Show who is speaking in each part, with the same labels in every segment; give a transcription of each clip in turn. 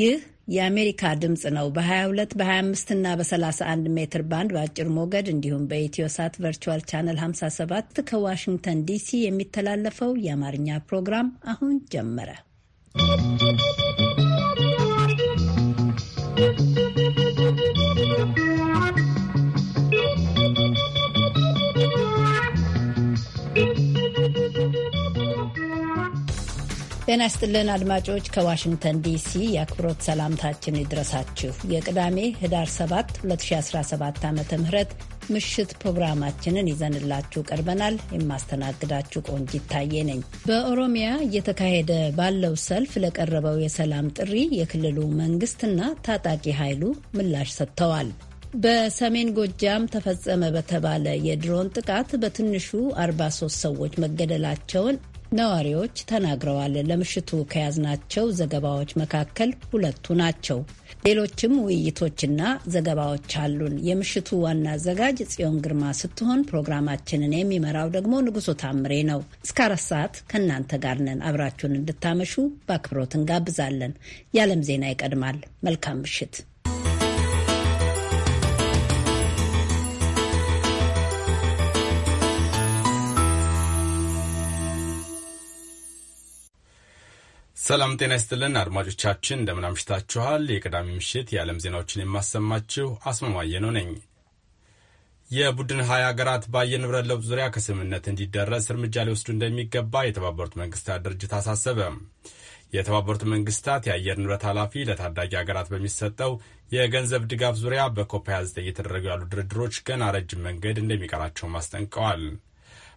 Speaker 1: ይህ የአሜሪካ ድምፅ ነው። በ22 በ25 እና በ31 ሜትር ባንድ በአጭር ሞገድ እንዲሁም በኢትዮ ሳት ቨርቹዋል ቻነል 57 ከዋሽንግተን ዲሲ የሚተላለፈው የአማርኛ ፕሮግራም አሁን ጀመረ። ጤና ይስጥልን አድማጮች፣ ከዋሽንግተን ዲሲ የአክብሮት ሰላምታችን ይድረሳችሁ። የቅዳሜ ህዳር 7 2017 ዓ ም ምሽት ፕሮግራማችንን ይዘንላችሁ ቀርበናል። የማስተናግዳችሁ ቆንጅ ይታየ ነኝ። በኦሮሚያ እየተካሄደ ባለው ሰልፍ ለቀረበው የሰላም ጥሪ የክልሉ መንግስትና ታጣቂ ኃይሉ ምላሽ ሰጥተዋል። በሰሜን ጎጃም ተፈጸመ በተባለ የድሮን ጥቃት በትንሹ 43 ሰዎች መገደላቸውን ነዋሪዎች ተናግረዋል። ለምሽቱ ከያዝናቸው ዘገባዎች መካከል ሁለቱ ናቸው። ሌሎችም ውይይቶችና ዘገባዎች አሉን። የምሽቱ ዋና አዘጋጅ ጽዮን ግርማ ስትሆን ፕሮግራማችንን የሚመራው ደግሞ ንጉሶ ታምሬ ነው። እስከ አራት ሰዓት ከእናንተ ጋር ነን። አብራችሁን እንድታመሹ በአክብሮት እንጋብዛለን። የዓለም ዜና ይቀድማል። መልካም ምሽት።
Speaker 2: ሰላም ጤና ይስጥልን አድማጮቻችን፣ እንደምን አምሽታችኋል? የቅዳሜ ምሽት የዓለም ዜናዎችን የማሰማችሁ አስማማየ ነው ነኝ። የቡድን ሀያ ሀገራት በአየር ንብረት ለውጥ ዙሪያ ከስምምነት እንዲደረስ እርምጃ ሊወስዱ እንደሚገባ የተባበሩት መንግስታት ድርጅት አሳሰበ። የተባበሩት መንግስታት የአየር ንብረት ኃላፊ ለታዳጊ ሀገራት በሚሰጠው የገንዘብ ድጋፍ ዙሪያ በኮፕ 29 እየተደረጉ ያሉ ድርድሮች ገና ረጅም መንገድ እንደሚቀራቸውም ማስጠንቀዋል።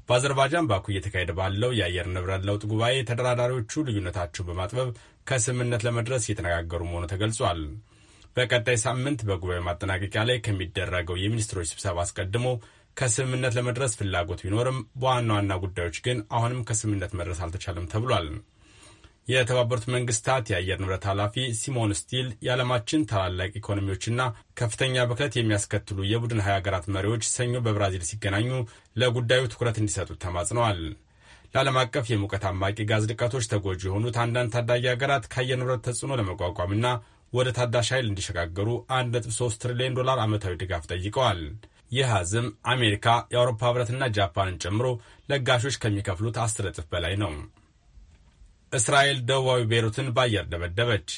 Speaker 2: በአዘርባይጃን ባኩ እየተካሄደ ባለው የአየር ንብረት ለውጥ ጉባኤ ተደራዳሪዎቹ ልዩነታቸው በማጥበብ ከስምምነት ለመድረስ እየተነጋገሩ መሆኑ ተገልጿል። በቀጣይ ሳምንት በጉባኤ ማጠናቀቂያ ላይ ከሚደረገው የሚኒስትሮች ስብሰባ አስቀድሞ ከስምምነት ለመድረስ ፍላጎት ቢኖርም በዋና ዋና ጉዳዮች ግን አሁንም ከስምምነት መድረስ አልተቻለም ተብሏል። የተባበሩት መንግስታት የአየር ንብረት ኃላፊ ሲሞን ስቲል የዓለማችን ታላላቅ ኢኮኖሚዎችና ከፍተኛ ብክለት የሚያስከትሉ የቡድን ሀያ ሀገራት መሪዎች ሰኞ በብራዚል ሲገናኙ ለጉዳዩ ትኩረት እንዲሰጡ ተማጽነዋል። ለዓለም አቀፍ የሙቀት አማቂ ጋዝ ልቀቶች ተጎጂ የሆኑት አንዳንድ ታዳጊ ሀገራት ከአየር ንብረት ተጽዕኖ ለመቋቋምና ወደ ታዳሽ ኃይል እንዲሸጋገሩ 1.3 ትሪሊዮን ዶላር ዓመታዊ ድጋፍ ጠይቀዋል። ይህ አዝም አሜሪካ፣ የአውሮፓ ህብረትና ጃፓንን ጨምሮ ለጋሾች ከሚከፍሉት አስር እጥፍ በላይ ነው። እስራኤል ደቡባዊ ቤይሩትን በአየር ደበደበች።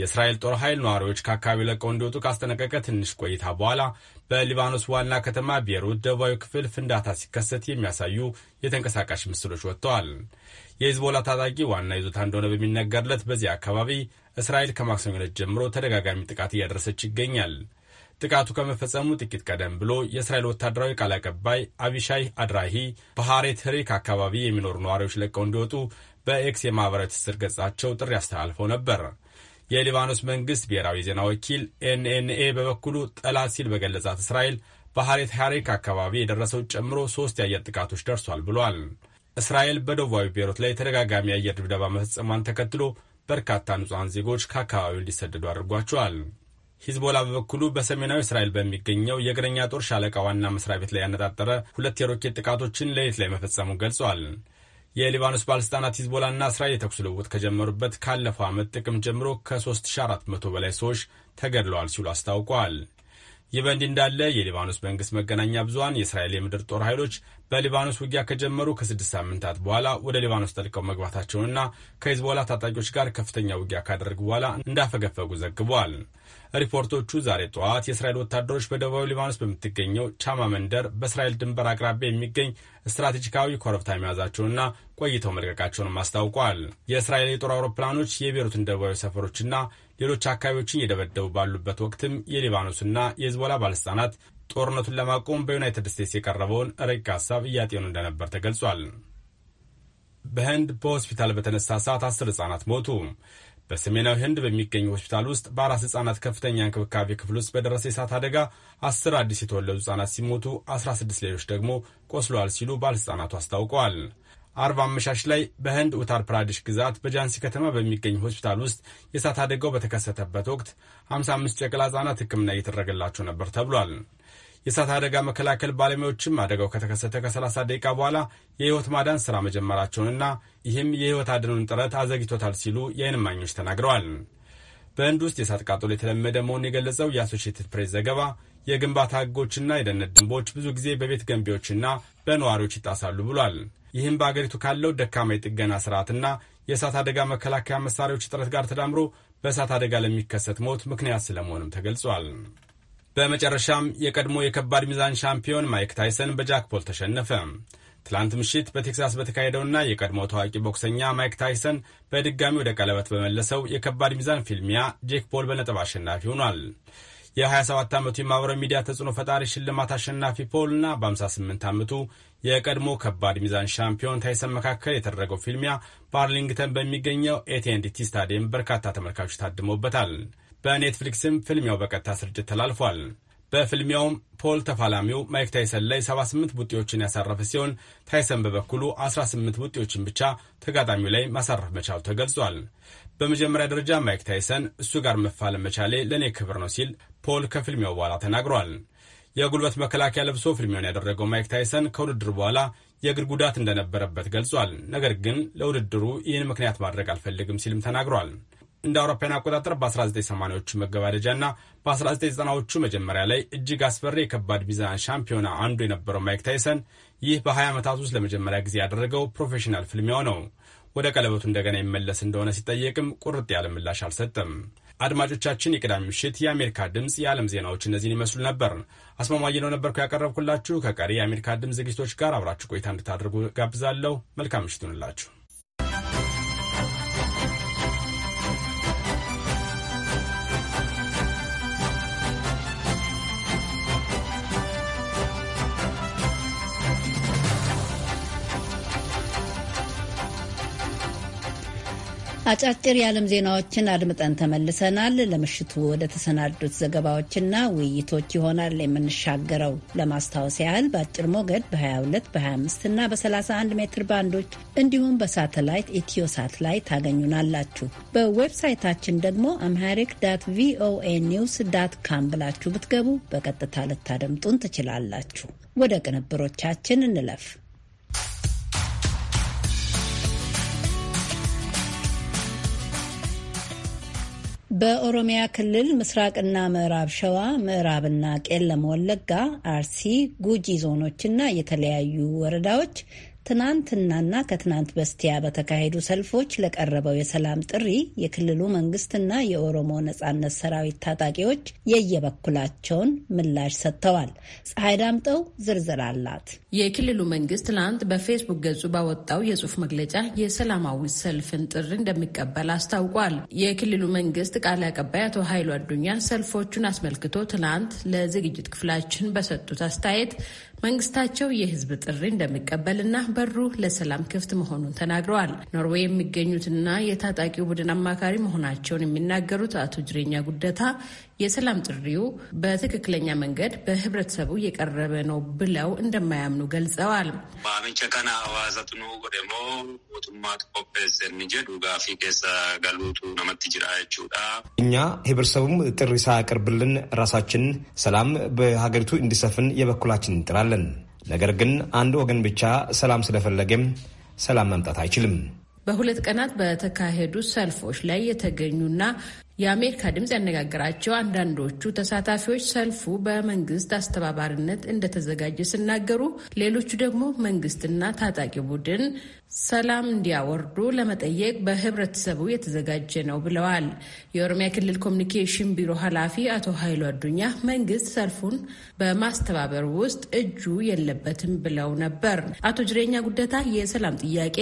Speaker 2: የእስራኤል ጦር ኃይል ነዋሪዎች ከአካባቢው ለቀው እንዲወጡ ካስጠነቀቀ ትንሽ ቆይታ በኋላ በሊባኖስ ዋና ከተማ ቤይሩት ደቡባዊ ክፍል ፍንዳታ ሲከሰት የሚያሳዩ የተንቀሳቃሽ ምስሎች ወጥተዋል። የሂዝቦላ ታጣቂ ዋና ይዞታ እንደሆነ በሚነገርለት በዚህ አካባቢ እስራኤል ከማክሰኞ ዕለት ጀምሮ ተደጋጋሚ ጥቃት እያደረሰች ይገኛል። ጥቃቱ ከመፈጸሙ ጥቂት ቀደም ብሎ የእስራኤል ወታደራዊ ቃል አቀባይ አቢሻይ አድራሂ በሐሬት ሪክ አካባቢ የሚኖሩ ነዋሪዎች ለቀው እንዲወጡ በኤክስ የማህበራዊ ትስስር ገጻቸው ጥሪ አስተላልፈው ነበር። የሊባኖስ መንግሥት ብሔራዊ ዜና ወኪል ኤንኤንኤ በበኩሉ ጠላት ሲል በገለጻት እስራኤል በሐሬት ሐሪክ አካባቢ የደረሰው ጨምሮ ሦስት የአየር ጥቃቶች ደርሷል ብሏል። እስራኤል በደቡባዊ ቤሮት ላይ ተደጋጋሚ የአየር ድብደባ መፈጸሟን ተከትሎ በርካታ ንጹሐን ዜጎች ከአካባቢው እንዲሰደዱ አድርጓቸዋል። ሂዝቦላ በበኩሉ በሰሜናዊ እስራኤል በሚገኘው የእግረኛ ጦር ሻለቃ ዋና መስሪያ ቤት ላይ ያነጣጠረ ሁለት የሮኬት ጥቃቶችን ሌሊት ላይ መፈጸሙ ገልጿል። የሊባኖስ ባለሥልጣናት ሂዝቦላና እስራኤል የተኩስ ልውውጥ ከጀመሩበት ካለፈው ዓመት ጥቅም ጀምሮ ከ3400 በላይ ሰዎች ተገድለዋል ሲሉ አስታውቋል ይህ በእንዲህ እንዳለ የሊባኖስ መንግስት መገናኛ ብዙሀን የእስራኤል የምድር ጦር ኃይሎች በሊባኖስ ውጊያ ከጀመሩ ከስድስት ሳምንታት በኋላ ወደ ሊባኖስ ጠልቀው መግባታቸውንና ከሂዝቦላ ታጣቂዎች ጋር ከፍተኛ ውጊያ ካደረጉ በኋላ እንዳፈገፈጉ ዘግበዋል። ሪፖርቶቹ ዛሬ ጠዋት የእስራኤል ወታደሮች በደቡባዊ ሊባኖስ በምትገኘው ቻማ መንደር በእስራኤል ድንበር አቅራቢያ የሚገኝ ስትራቴጂካዊ ኮረብታ መያዛቸውንና ቆይተው መልቀቃቸውንም አስታውቋል። የእስራኤል የጦር አውሮፕላኖች የቤሩትን ደቡባዊ ሰፈሮችና ሌሎች አካባቢዎችን እየደበደቡ ባሉበት ወቅትም የሊባኖስና የህዝቦላ ባለስልጣናት ጦርነቱን ለማቆም በዩናይትድ ስቴትስ የቀረበውን ረቂቅ ሀሳብ እያጤኑ እንደነበር ተገልጿል። በህንድ በሆስፒታል በተነሳ ሰዓት አስር ህጻናት ሞቱ። በሰሜናዊ ህንድ በሚገኙ ሆስፒታል ውስጥ በአራስ ህጻናት ከፍተኛ እንክብካቤ ክፍል ውስጥ በደረሰ የእሳት አደጋ አስር አዲስ የተወለዱ ህጻናት ሲሞቱ ስድስት ሌሎች ደግሞ ቆስለዋል ሲሉ ባለሥልጣናቱ አስታውቀዋል። አርብ አመሻሽ ላይ በህንድ ኡታር ፕራዲሽ ግዛት በጃንሲ ከተማ በሚገኝ ሆስፒታል ውስጥ የእሳት አደጋው በተከሰተበት ወቅት 55 ጨቅላ ህጻናት ሕክምና እየተደረገላቸው ነበር ተብሏል። የእሳት አደጋ መከላከል ባለሙያዎችም አደጋው ከተከሰተ ከ30 ደቂቃ በኋላ የህይወት ማዳን ስራ መጀመራቸውንና ይህም የህይወት አድኑን ጥረት አዘግቶታል ሲሉ የአይንማኞች እማኞች ተናግረዋል። በህንድ ውስጥ የእሳት ቃጠሎ የተለመደ መሆኑን የገለጸው የአሶሽትድ ፕሬስ ዘገባ የግንባታ ህጎችና የደህንነት ደንቦች ብዙ ጊዜ በቤት ገንቢዎችና በነዋሪዎች ይጣሳሉ ብሏል። ይህም በአገሪቱ ካለው ደካማ የጥገና ስርዓትና የእሳት አደጋ መከላከያ መሳሪያዎች እጥረት ጋር ተዳምሮ በእሳት አደጋ ለሚከሰት ሞት ምክንያት ስለመሆኑም ተገልጿል። በመጨረሻም የቀድሞ የከባድ ሚዛን ሻምፒዮን ማይክ ታይሰን በጃክፖል ተሸነፈ። ትላንት ምሽት በቴክሳስ በተካሄደውና የቀድሞ ታዋቂ ቦክሰኛ ማይክ ታይሰን በድጋሚ ወደ ቀለበት በመለሰው የከባድ ሚዛን ፊልሚያ ጄክ ፖል በነጥብ አሸናፊ ሆኗል። የ27 ዓመቱ የማኅበራዊ ሚዲያ ተጽዕኖ ፈጣሪ ሽልማት አሸናፊ ፖል እና በ58 ዓመቱ የቀድሞ ከባድ ሚዛን ሻምፒዮን ታይሰን መካከል የተደረገው ፊልሚያ በአርሊንግተን በሚገኘው ኤቲኤንዲቲ ስታዲየም በርካታ ተመልካቾች ታድመውበታል። በኔትፍሊክስም ፊልሚያው በቀጥታ ስርጭት ተላልፏል። በፍልሚያውም ፖል ተፋላሚው ማይክ ታይሰን ላይ 78 ውጤዎችን ያሳረፈ ሲሆን ታይሰን በበኩሉ 18 ውጤዎችን ብቻ ተጋጣሚው ላይ ማሳረፍ መቻሉ ተገልጿል። በመጀመሪያ ደረጃ ማይክ ታይሰን እሱ ጋር መፋለም መቻሌ ለእኔ ክብር ነው ሲል ፖል ከፍልሚያው በኋላ ተናግሯል። የጉልበት መከላከያ ለብሶ ፍልሚያውን ያደረገው ማይክ ታይሰን ከውድድር በኋላ የእግር ጉዳት እንደነበረበት ገልጿል። ነገር ግን ለውድድሩ ይህን ምክንያት ማድረግ አልፈልግም ሲልም ተናግሯል። እንደ አውሮፓውያን አቆጣጠር በ1980ዎቹ መገባደጃና በ1990ዎቹ መጀመሪያ ላይ እጅግ አስፈሪ የከባድ ቢዛና ሻምፒዮና አንዱ የነበረው ማይክ ታይሰን ይህ በ20 ዓመታት ውስጥ ለመጀመሪያ ጊዜ ያደረገው ፕሮፌሽናል ፍልሚያው ነው። ወደ ቀለበቱ እንደገና ይመለስ እንደሆነ ሲጠየቅም ቁርጥ ያለ ምላሽ አልሰጠም። አድማጮቻችን፣ የቅዳሜ ምሽት የአሜሪካ ድምፅ የዓለም ዜናዎች እነዚህን ይመስሉ ነበር። አስማማኝ ነው ነበርኩ ያቀረብኩላችሁ። ከቀሪ የአሜሪካ ድምፅ ዝግጅቶች ጋር አብራችሁ ቆይታ እንድታደርጉ ጋብዛለሁ። መልካም ምሽቱንላችሁ።
Speaker 1: አጫጭር የዓለም ዜናዎችን አድምጠን ተመልሰናል። ለምሽቱ ወደ ተሰናዱት ዘገባዎችና ውይይቶች ይሆናል የምንሻገረው። ለማስታወስ ያህል በአጭር ሞገድ በ22 በ25 እና በ31 ሜትር ባንዶች እንዲሁም በሳተላይት ኢትዮ ላይ ታገኙናላችሁ። በዌብሳይታችን ደግሞ አምሃሪክ ዳት ቪኦኤ ኒውስ ዳት ካም ብላችሁ ብትገቡ በቀጥታ ልታደምጡን ትችላላችሁ። ወደ ቅንብሮቻችን እንለፍ። በኦሮሚያ ክልል ምስራቅና ምዕራብ ሸዋ፣ ምዕራብና ቄለም ወለጋ፣ አርሲ፣ ጉጂ ዞኖችና የተለያዩ ወረዳዎች ትናንትናና ከትናንት በስቲያ በተካሄዱ ሰልፎች ለቀረበው የሰላም ጥሪ የክልሉ መንግስትና የኦሮሞ ነጻነት ሰራዊት ታጣቂዎች የየበኩላቸውን ምላሽ ሰጥተዋል። ፀሐይ ዳምጠው ዝርዝር አላት።
Speaker 3: የክልሉ መንግስት ትናንት በፌስቡክ ገጹ ባወጣው የጽሁፍ መግለጫ የሰላማዊ ሰልፍን ጥሪ እንደሚቀበል አስታውቋል። የክልሉ መንግስት ቃል አቀባይ አቶ ኃይሉ አዱኛ ሰልፎቹን አስመልክቶ ትናንት ለዝግጅት ክፍላችን በሰጡት አስተያየት መንግስታቸው የህዝብ ጥሪ እንደሚቀበልና በሩ ለሰላም ክፍት መሆኑን ተናግረዋል። ኖርዌይ የሚገኙትና የታጣቂው ቡድን አማካሪ መሆናቸውን የሚናገሩት አቶ ጅሬኛ ጉደታ የሰላም ጥሪው በትክክለኛ መንገድ በህብረተሰቡ እየቀረበ ነው ብለው እንደማያምኑ ገልጸዋል። እኛ
Speaker 4: ህብረተሰቡም ጥሪ ሳያቀርብልን ራሳችን ሰላም በሀገሪቱ እንዲሰፍን የበኩላችን እንጥራለን። ነገር ግን አንድ ወገን ብቻ ሰላም ስለፈለገም ሰላም መምጣት አይችልም።
Speaker 3: በሁለት ቀናት በተካሄዱ ሰልፎች ላይ የተገኙና የአሜሪካ ድምፅ ያነጋገራቸው አንዳንዶቹ ተሳታፊዎች ሰልፉ በመንግስት አስተባባሪነት እንደተዘጋጀ ሲናገሩ፣ ሌሎቹ ደግሞ መንግስትና ታጣቂ ቡድን ሰላም እንዲያወርዱ ለመጠየቅ በህብረተሰቡ የተዘጋጀ ነው ብለዋል። የኦሮሚያ ክልል ኮሚኒኬሽን ቢሮ ኃላፊ አቶ ኃይሉ አዱኛ መንግስት ሰልፉን በማስተባበር ውስጥ እጁ የለበትም ብለው ነበር። አቶ ጅሬኛ ጉደታ የሰላም ጥያቄ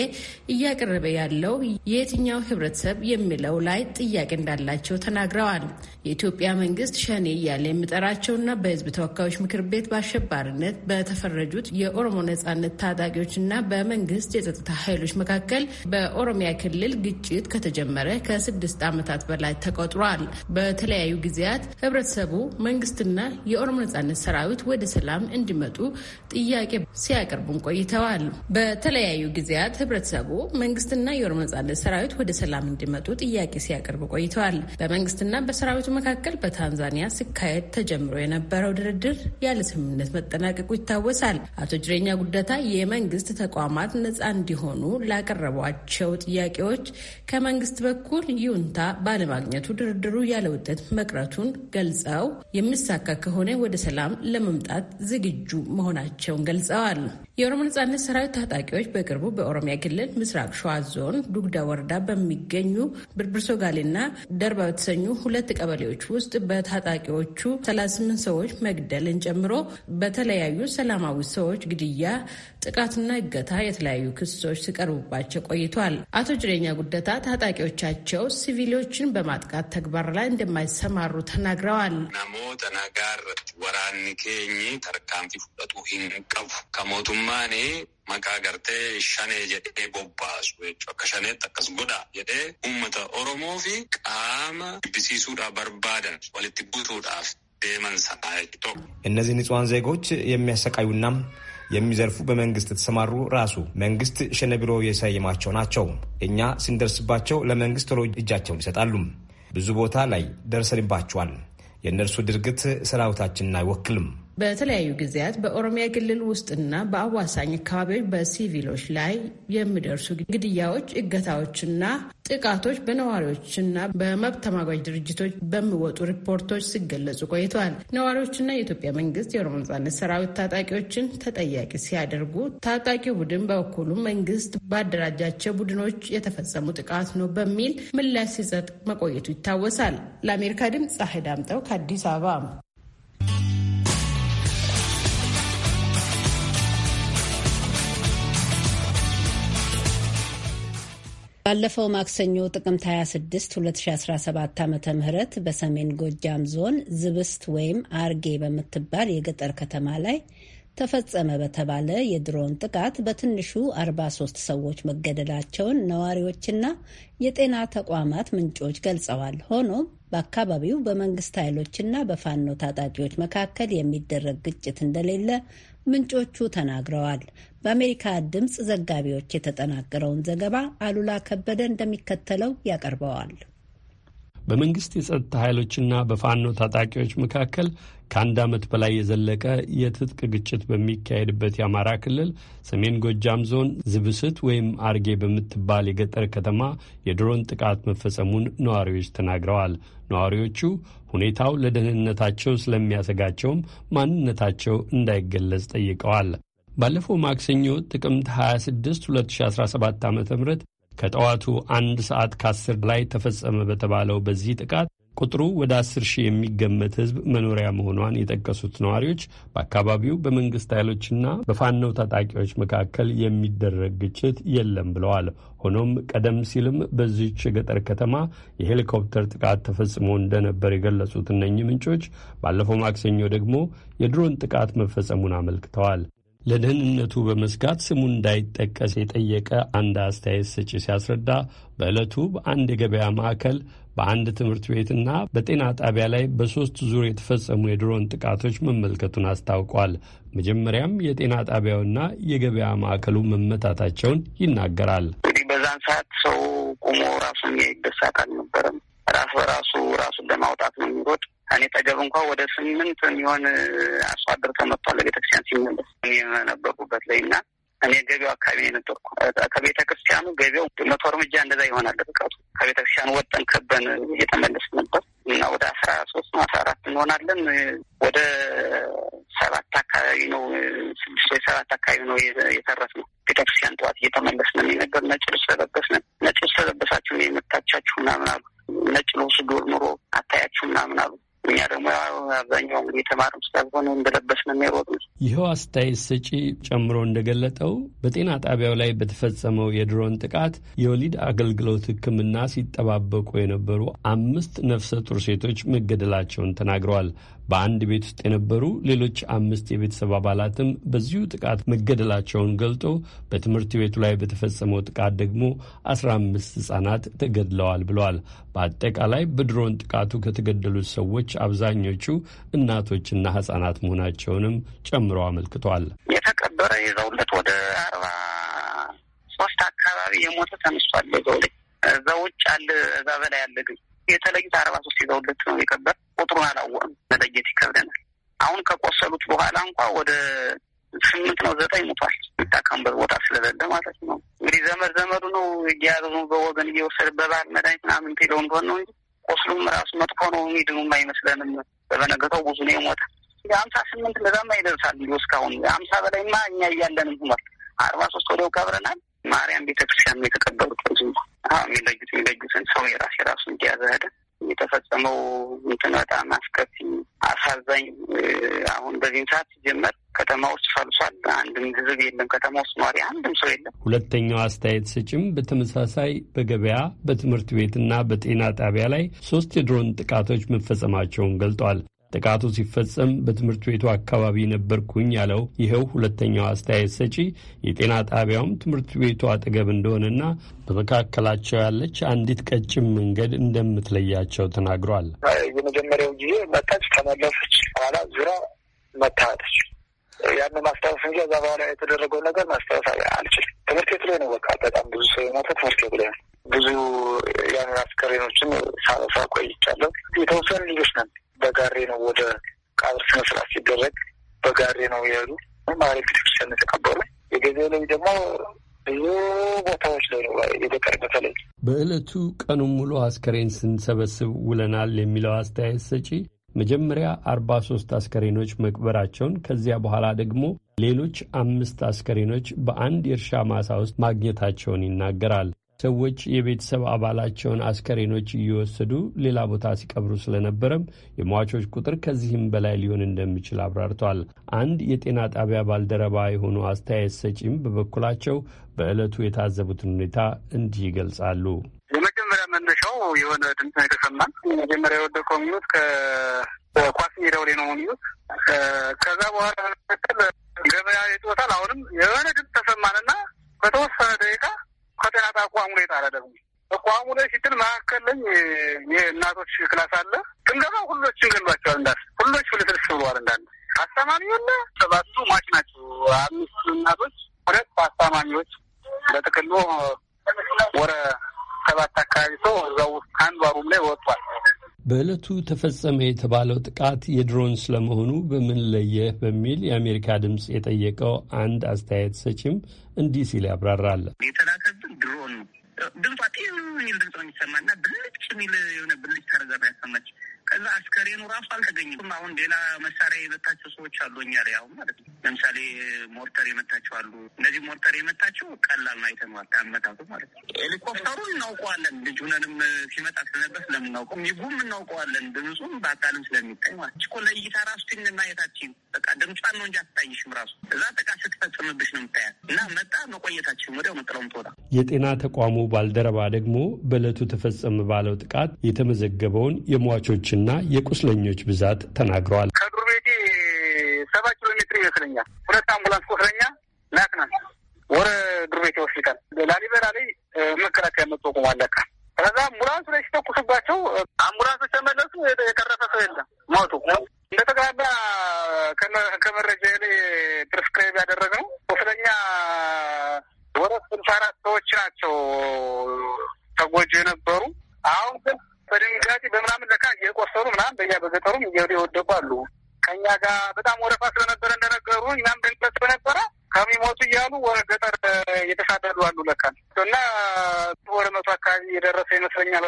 Speaker 3: እያቀረበ ያለው የትኛው ህብረተሰብ የሚለው ላይ ጥያቄ እንዳላቸው እንደሚያደርጋቸው ተናግረዋል። የኢትዮጵያ መንግስት ሸኔ እያለ የሚጠራቸውና በህዝብ ተወካዮች ምክር ቤት በአሸባሪነት በተፈረጁት የኦሮሞ ነጻነት ታጣቂዎችና በመንግስት የጸጥታ ኃይሎች መካከል በኦሮሚያ ክልል ግጭት ከተጀመረ ከስድስት ዓመታት በላይ ተቆጥሯል። በተለያዩ ጊዜያት ህብረተሰቡ መንግስትና የኦሮሞ ነጻነት ሰራዊት ወደ ሰላም እንዲመጡ ጥያቄ ሲያቀርቡን ቆይተዋል። በተለያዩ ጊዜያት ህብረተሰቡ መንግስትና የኦሮሞ ነጻነት ሰራዊት ወደ ሰላም እንዲመጡ ጥያቄ ሲያቀርቡ ቆይተዋል። በመንግስትና በሰራዊቱ መካከል በታንዛኒያ ሲካሄድ ተጀምሮ የነበረው ድርድር ያለ ስምምነት መጠናቀቁ ይታወሳል። አቶ ጅሬኛ ጉደታ የመንግስት ተቋማት ነፃ እንዲሆኑ ላቀረቧቸው ጥያቄዎች ከመንግስት በኩል ይሁንታ ባለማግኘቱ ድርድሩ ያለ ውጤት መቅረቱን ገልጸው የሚሳካ ከሆነ ወደ ሰላም ለመምጣት ዝግጁ መሆናቸውን ገልጸዋል። የኦሮሞ ነጻነት ሰራዊት ታጣቂዎች በቅርቡ በኦሮሚያ ክልል ምስራቅ ሸዋ ዞን ዱግዳ ወረዳ በሚገኙ ብርብርሶ ጋሌና ደርባ በተሰኙ ሁለት ቀበሌዎች ውስጥ በታጣቂዎቹ 38 ሰዎች መግደልን ጨምሮ በተለያዩ ሰላማዊ ሰዎች ግድያ ጥቃትና እገታ የተለያዩ ክሶች ሲቀርቡባቸው ቆይቷል። አቶ ጅሬኛ ጉደታ ታጣቂዎቻቸው ሲቪሎችን በማጥቃት ተግባር ላይ እንደማይሰማሩ ተናግረዋል።
Speaker 5: ናሞተ ነጋረት ወራን ኬኝ ተርካንፊ ፍጠጡ ሂንቀቡ ከሞቱማኔ መቃ ገርቴ ሸኔ ጀዴ ቦባሱ
Speaker 6: ሸኔ ጠቀስ ጉዳ ጀዴ ኡመተ ኦሮሞ ፊ ቃመ ግብሲሱዳ በርባደን
Speaker 5: ወልቲ ቡቱዳፍ
Speaker 4: ደመንሳ እነዚህ ንጹሐን ዜጎች የሚያሰቃዩና የሚዘርፉ በመንግስት የተሰማሩ ራሱ መንግስት ሸነቢሮ የሰየማቸው ናቸው። እኛ ስንደርስባቸው ለመንግስት ቶሎ እጃቸውን ይሰጣሉ። ብዙ ቦታ ላይ ደርሰንባቸዋል። የእነርሱ ድርግት ሰራዊታችንን አይወክልም።
Speaker 3: በተለያዩ ጊዜያት በኦሮሚያ ክልል ውስጥና በአዋሳኝ አካባቢዎች በሲቪሎች ላይ የሚደርሱ ግድያዎች፣ እገታዎችና ጥቃቶች በነዋሪዎችና በመብት ተሟጋች ድርጅቶች በሚወጡ ሪፖርቶች ሲገለጹ ቆይተዋል። ነዋሪዎችና የኢትዮጵያ መንግስት የኦሮሞ ነጻነት ሰራዊት ታጣቂዎችን ተጠያቂ ሲያደርጉ፣ ታጣቂው ቡድን በበኩሉ መንግስት ባደራጃቸው ቡድኖች የተፈጸሙ ጥቃት ነው በሚል ምላሽ ሲሰጥ መቆየቱ ይታወሳል። ለአሜሪካ ድምፅ ፀሐይ ዳምጠው ከአዲስ አበባ
Speaker 1: ባለፈው ማክሰኞ ጥቅምት 26 2017 ዓ ም በሰሜን ጎጃም ዞን ዝብስት ወይም አርጌ በምትባል የገጠር ከተማ ላይ ተፈጸመ በተባለ የድሮን ጥቃት በትንሹ 43 ሰዎች መገደላቸውን ነዋሪዎችና የጤና ተቋማት ምንጮች ገልጸዋል። ሆኖም በአካባቢው በመንግስት ኃይሎችና በፋኖ ታጣቂዎች መካከል የሚደረግ ግጭት እንደሌለ ምንጮቹ ተናግረዋል። በአሜሪካ ድምፅ ዘጋቢዎች የተጠናቀረውን ዘገባ አሉላ ከበደ እንደሚከተለው ያቀርበዋል።
Speaker 6: በመንግስት የጸጥታ ኃይሎችና በፋኖ ታጣቂዎች መካከል ከአንድ ዓመት በላይ የዘለቀ የትጥቅ ግጭት በሚካሄድበት የአማራ ክልል ሰሜን ጎጃም ዞን ዝብስት ወይም አርጌ በምትባል የገጠር ከተማ የድሮን ጥቃት መፈጸሙን ነዋሪዎች ተናግረዋል። ነዋሪዎቹ ሁኔታው ለደህንነታቸው ስለሚያሰጋቸውም ማንነታቸው እንዳይገለጽ ጠይቀዋል። ባለፈው ማክሰኞ ጥቅምት 26 2017 ዓ ም ከጠዋቱ አንድ ሰዓት ከ10 ላይ ተፈጸመ በተባለው በዚህ ጥቃት ቁጥሩ ወደ 10 ሺህ የሚገመት ሕዝብ መኖሪያ መሆኗን የጠቀሱት ነዋሪዎች በአካባቢው በመንግስት ኃይሎችና በፋኖ ታጣቂዎች መካከል የሚደረግ ግጭት የለም ብለዋል። ሆኖም ቀደም ሲልም በዚች የገጠር ከተማ የሄሊኮፕተር ጥቃት ተፈጽሞ እንደነበር የገለጹት እነኚህ ምንጮች ባለፈው ማክሰኞ ደግሞ የድሮን ጥቃት መፈጸሙን አመልክተዋል። ለደህንነቱ በመስጋት ስሙ እንዳይጠቀስ የጠየቀ አንድ አስተያየት ሰጪ ሲያስረዳ በዕለቱ በአንድ የገበያ ማዕከል በአንድ ትምህርት ቤትና በጤና ጣቢያ ላይ በሦስት ዙር የተፈጸሙ የድሮን ጥቃቶች መመልከቱን አስታውቋል። መጀመሪያም የጤና ጣቢያውና የገበያ ማዕከሉ መመታታቸውን ይናገራል። እንግዲህ በዛን
Speaker 5: ሰዓት ሰው ቁሞ ራሱን የሚያይበት ሰዓት አልነበረም። ራስ በራሱ ራሱን ለማውጣት ነው የሚሮጥ እኔ ጠገብ እንኳ ወደ ስምንት የሚሆን አርሶ አደር ተመጥቷል ለቤተክርስቲያን ሲመለስ እኔ የነበርኩበት ላይ እና እኔ ገቢው አካባቢ የነበርኩ። ከቤተ ክርስቲያኑ ገቢያው መቶ እርምጃ እንደዛ ይሆናል ርቀቱ። ከቤተ ክርስቲያኑ ወጠን ከበን እየተመለስ ነበር እና ወደ አስራ ሶስት ነው አስራ አራት እንሆናለን። ወደ ሰባት አካባቢ ነው ስድስት ወይ ሰባት አካባቢ ነው የተረፍነው። ቤተ ክርስቲያን ጠዋት እየተመለስ ነው ነገር ነጭ ልብስ ተለበስን። ነጭ ልብስ ተለበሳችሁ የመታቻችሁ ምናምን አሉ። ነጭ ልብሱ ዶር ኑሮ አታያችሁ ምናምን አሉ። እኛ ደግሞ አብዛኛው እንግዲህ ተማሪም ስላልሆነ እንደለበስ ነው የሚሮጡት።
Speaker 6: ይኸው አስተያየት ሰጪ ጨምሮ እንደገለጠው በጤና ጣቢያው ላይ በተፈጸመው የድሮን ጥቃት የወሊድ አገልግሎት ሕክምና ሲጠባበቁ የነበሩ አምስት ነፍሰ ጡር ሴቶች መገደላቸውን ተናግረዋል። በአንድ ቤት ውስጥ የነበሩ ሌሎች አምስት የቤተሰብ አባላትም በዚሁ ጥቃት መገደላቸውን ገልጦ በትምህርት ቤቱ ላይ በተፈጸመው ጥቃት ደግሞ 15 ህጻናት ተገድለዋል ብለዋል። በአጠቃላይ በድሮን ጥቃቱ ከተገደሉት ሰዎች አብዛኞቹ እናቶችና ህጻናት መሆናቸውንም ጨምሮ አመልክቷል። የተቀበረ የዘውለት ወደ
Speaker 5: አርባ ሶስት አካባቢ የሞተ ተነስቷል። ዘውለት ዘውጭ አለ እዛ በላይ አለ ግን የተለዩት አርባ ሶስት የዘውለት ነው የቀበር ወደ ስምንት ነው ዘጠኝ ሞቷል። የሚታከምበት ቦታ ስለሌለ ማለት ነው። እንግዲህ ዘመድ ዘመዱ ነው እያያዘ በወገን እየወሰደ በባህል መድኃኒት ምናምን ሄደው እንደሆን ነው እንጂ ቆስሉም ራሱ መጥፎ ነው። የሚድኑም አይመስለንም። በበነገተው ብዙ ነው የሞተ የአምሳ ስምንት ለዛማ ይደርሳል። እንዲ እስካሁን የሀምሳ በላይማ እኛ እያለንም ሁኗል። አርባ ሶስት ወደው ቀብረናል። ማርያም ቤተክርስቲያን የተቀበሩት ብዙ የሚለዩት የሚለዩትን ሰው የራስ የራሱ እንዲያዘ ሄደ የተፈጸመው እንትን በጣም አስከፊ አሳዛኝ፣ አሁን በዚህም ሰዓት ሲጀመር ከተማ ውስጥ ፈልሷል። አንድም ህዝብ የለም ከተማ ውስጥ ነዋሪ አንድም ሰው የለም።
Speaker 6: ሁለተኛው አስተያየት ሰጭም በተመሳሳይ በገበያ በትምህርት ቤትና በጤና ጣቢያ ላይ ሶስት የድሮን ጥቃቶች መፈጸማቸውን ገልጧል። ጥቃቱ ሲፈጸም በትምህርት ቤቱ አካባቢ ነበርኩኝ ያለው ይኸው ሁለተኛው አስተያየት ሰጪ የጤና ጣቢያውም ትምህርት ቤቱ አጠገብ እንደሆነና በመካከላቸው ያለች አንዲት ቀጭን መንገድ እንደምትለያቸው ተናግሯል።
Speaker 5: የመጀመሪያው ጊዜ መጣች፣ ተመለሰች፣ በኋላ ዙራ መታለች። ያን ማስታወስ እንጂ እዛ በኋላ የተደረገው ነገር ማስታወስ አልችልም። ትምህርት ቤት ላይ ነው። በቃ በጣም ብዙ ሰው የሞተ ትምህርት ቤት ላይ ብዙ ያንን አስከሬኖችን ሳበሳ ቆይቻለሁ። የተወሰኑ ልጆች ነን በጋሬ ነው ወደ ቀብር ስነስርዓት ሲደረግ በጋሬ ነው የሄዱ ማሪ ቤተክርስቲያን የተቀበሩ። የገዜ ላይ ደግሞ ብዙ ቦታዎች ላይ ነው የገጠር በተለይ
Speaker 6: በእለቱ ቀኑን ሙሉ አስከሬን ስንሰበስብ ውለናል የሚለው አስተያየት ሰጪ መጀመሪያ አርባ ሶስት አስከሬኖች መቅበራቸውን ከዚያ በኋላ ደግሞ ሌሎች አምስት አስከሬኖች በአንድ የእርሻ ማሳ ውስጥ ማግኘታቸውን ይናገራል። ሰዎች የቤተሰብ አባላቸውን አስከሬኖች እየወሰዱ ሌላ ቦታ ሲቀብሩ ስለነበረም የሟቾች ቁጥር ከዚህም በላይ ሊሆን እንደሚችል አብራርተዋል። አንድ የጤና ጣቢያ ባልደረባ የሆኑ አስተያየት ሰጪም በበኩላቸው በዕለቱ የታዘቡትን ሁኔታ እንዲህ ይገልጻሉ። የመጀመሪያ መነሻው
Speaker 5: የሆነ ድምፅ ነው የተሰማን። መጀመሪያ የወደቀው ሚሉት ከኳስ ሜዳው ላይ ነው ሚሉት። ከዛ በኋላ ገበያ ይጦታል። አሁንም የሆነ ድምፅ ተሰማንና በተወሰነ ደቂቃ ከተናጣ አቋሙ ላይ ጣለ ደግሞ አቋሙ ላይ ሲትል መካከል ለኝ የእናቶች ክላስ አለ ትንገባ ሁሎችን ገሏቸዋል። እንዳል ሁሎች ፍልፍልስ ብለዋል። እንዳለ አስተማሚውና ሰባቱ ማች ናቸው። አምስቱ እናቶች፣ ሁለቱ አስተማሚዎች በጥቅሉ ወረ ሰባት አካባቢ ሰው እዛው ውስጥ አንዷ ሩም ላይ ወጥቷል።
Speaker 6: በዕለቱ ተፈጸመ የተባለው ጥቃት የድሮን ስለመሆኑ በምን ለየህ በሚል የአሜሪካ ድምፅ የጠየቀው አንድ አስተያየት ሰጪም እንዲህ ሲል ያብራራል።
Speaker 5: የተላከብን ድሮን ነው። ጤ የሚል ድምጽ ነው የሚሰማ እና ብልጭ የሚል የሆነ ብልጭ ታረጋ ያሰማች ከዛ አስከሬኑ ራሱ አልተገኘም። አሁን ሌላ መሳሪያ የመታቸው ሰዎች አሉ እኛ ላይ አሁን ማለት ነው። ለምሳሌ ሞርተር የመታቸው አሉ። እነዚህ ሞርተር የመታቸው ቀላል ነው፣ አይተነዋል። አመታቱ ማለት ነው። ሄሊኮፕተሩ እናውቀዋለን፣ ልጅ ሲመጣ ስለነበር ስለምናውቀው ሚጉም እናውቀዋለን፣ ድምፁም በአካልም ስለሚታይ ማለት ችኮ ለእይታ ራሱ ትን ማየታችን በቃ ድምጿን ነው እንጂ አትታይሽም ራሱ እዛ ጥቃት ስትፈጽምብሽ ነው ምታያል። እና መጣ መቆየታችን ወዲያው መጥለውም
Speaker 6: ትወጣ የጤና ተቋሙ ባልደረባ ደግሞ በዕለቱ ተፈጸመ ባለው ጥቃት የተመዘገበውን የሟቾችን መሆኑንና የቁስለኞች ብዛት ተናግረዋል። ከዱር ቤቴ
Speaker 5: ሰባ ኪሎ ሜትር ይመስለኛል። ሁለት አምቡላንስ ቁስለኛ ላክናል። ወረ ዱር ቤቴ ሆስፒታል ላሊበላ ላይ መከላከያ መጥቶ ቆማለካ። ከዛ አምቡላንሱ ላይ ሲተኩስባቸው አምቡላንሶች ተመለሱ። የተረፈ ሰው የለም ሞቱ። እንደተግባባ ከመረጃ ላይ ፕሪስክራይብ ነው። ቁስለኛ ወረ ስልሳ አራት ሰዎች ናቸው ተጎጂ የነበሩ አሁን ግን በድንጋጤ በምናምን ለካ እየቆሰሉ ምናምን በያ በገጠሩም እየሄዱ የወደቁ አሉ። ከእኛ ጋር በጣም ወረፋ ስለነበረ እንደነገሩ እኛም ደንቀት ስለነበረ ከሚሞቱ እያሉ ወረ ገጠር የተሳደዱ አሉ ለካ እና ወደ መቶ አካባቢ የደረሰ ይመስለኛል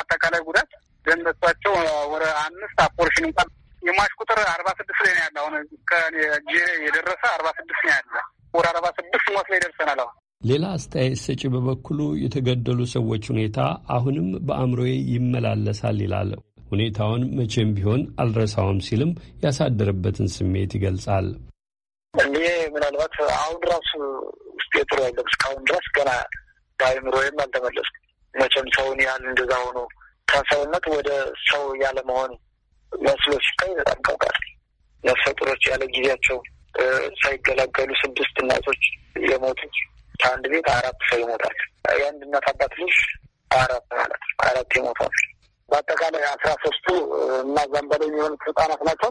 Speaker 5: አጠቃላይ ጉዳት ደንበሷቸው ወደ አምስት አፖርሽን እንኳን የሟች ቁጥር አርባ ስድስት ላይ ነው ያለ። አሁን ከጄሬ የደረሰ አርባ ስድስት ነው ያለ። ወደ አርባ
Speaker 6: ስድስት ሞት ላይ ደርሰናል አሁን ሌላ አስተያየት ሰጪ በበኩሉ የተገደሉ ሰዎች ሁኔታ አሁንም በአእምሮዬ ይመላለሳል ይላል። ሁኔታውን መቼም ቢሆን አልረሳውም ሲልም ያሳደረበትን ስሜት ይገልጻል።
Speaker 5: እኔ ምናልባት አሁን ራሱ ውስጤ ጥሩ ያለ እስካሁን ድረስ ገና በአእምሮዬም አልተመለስኩም። መቼም ሰውን ያህል እንደዛ ሆኖ ከሰውነት ወደ ሰው ያለመሆን መስሎ ሲታይ በጣም ቀውቃል። ነፍሰ ጡሮች ያለ ጊዜያቸው ሳይገላገሉ ስድስት እናቶች የሞቱት ከአንድ ቤት አራት ሰው ይሞታል። የአንድ እናት አባት ልጅ አራት ማለት አራት ይሞታል። በአጠቃላይ አስራ ሶስቱ እና እዛም በላይ የሚሆኑት ህጻናት ናቸው።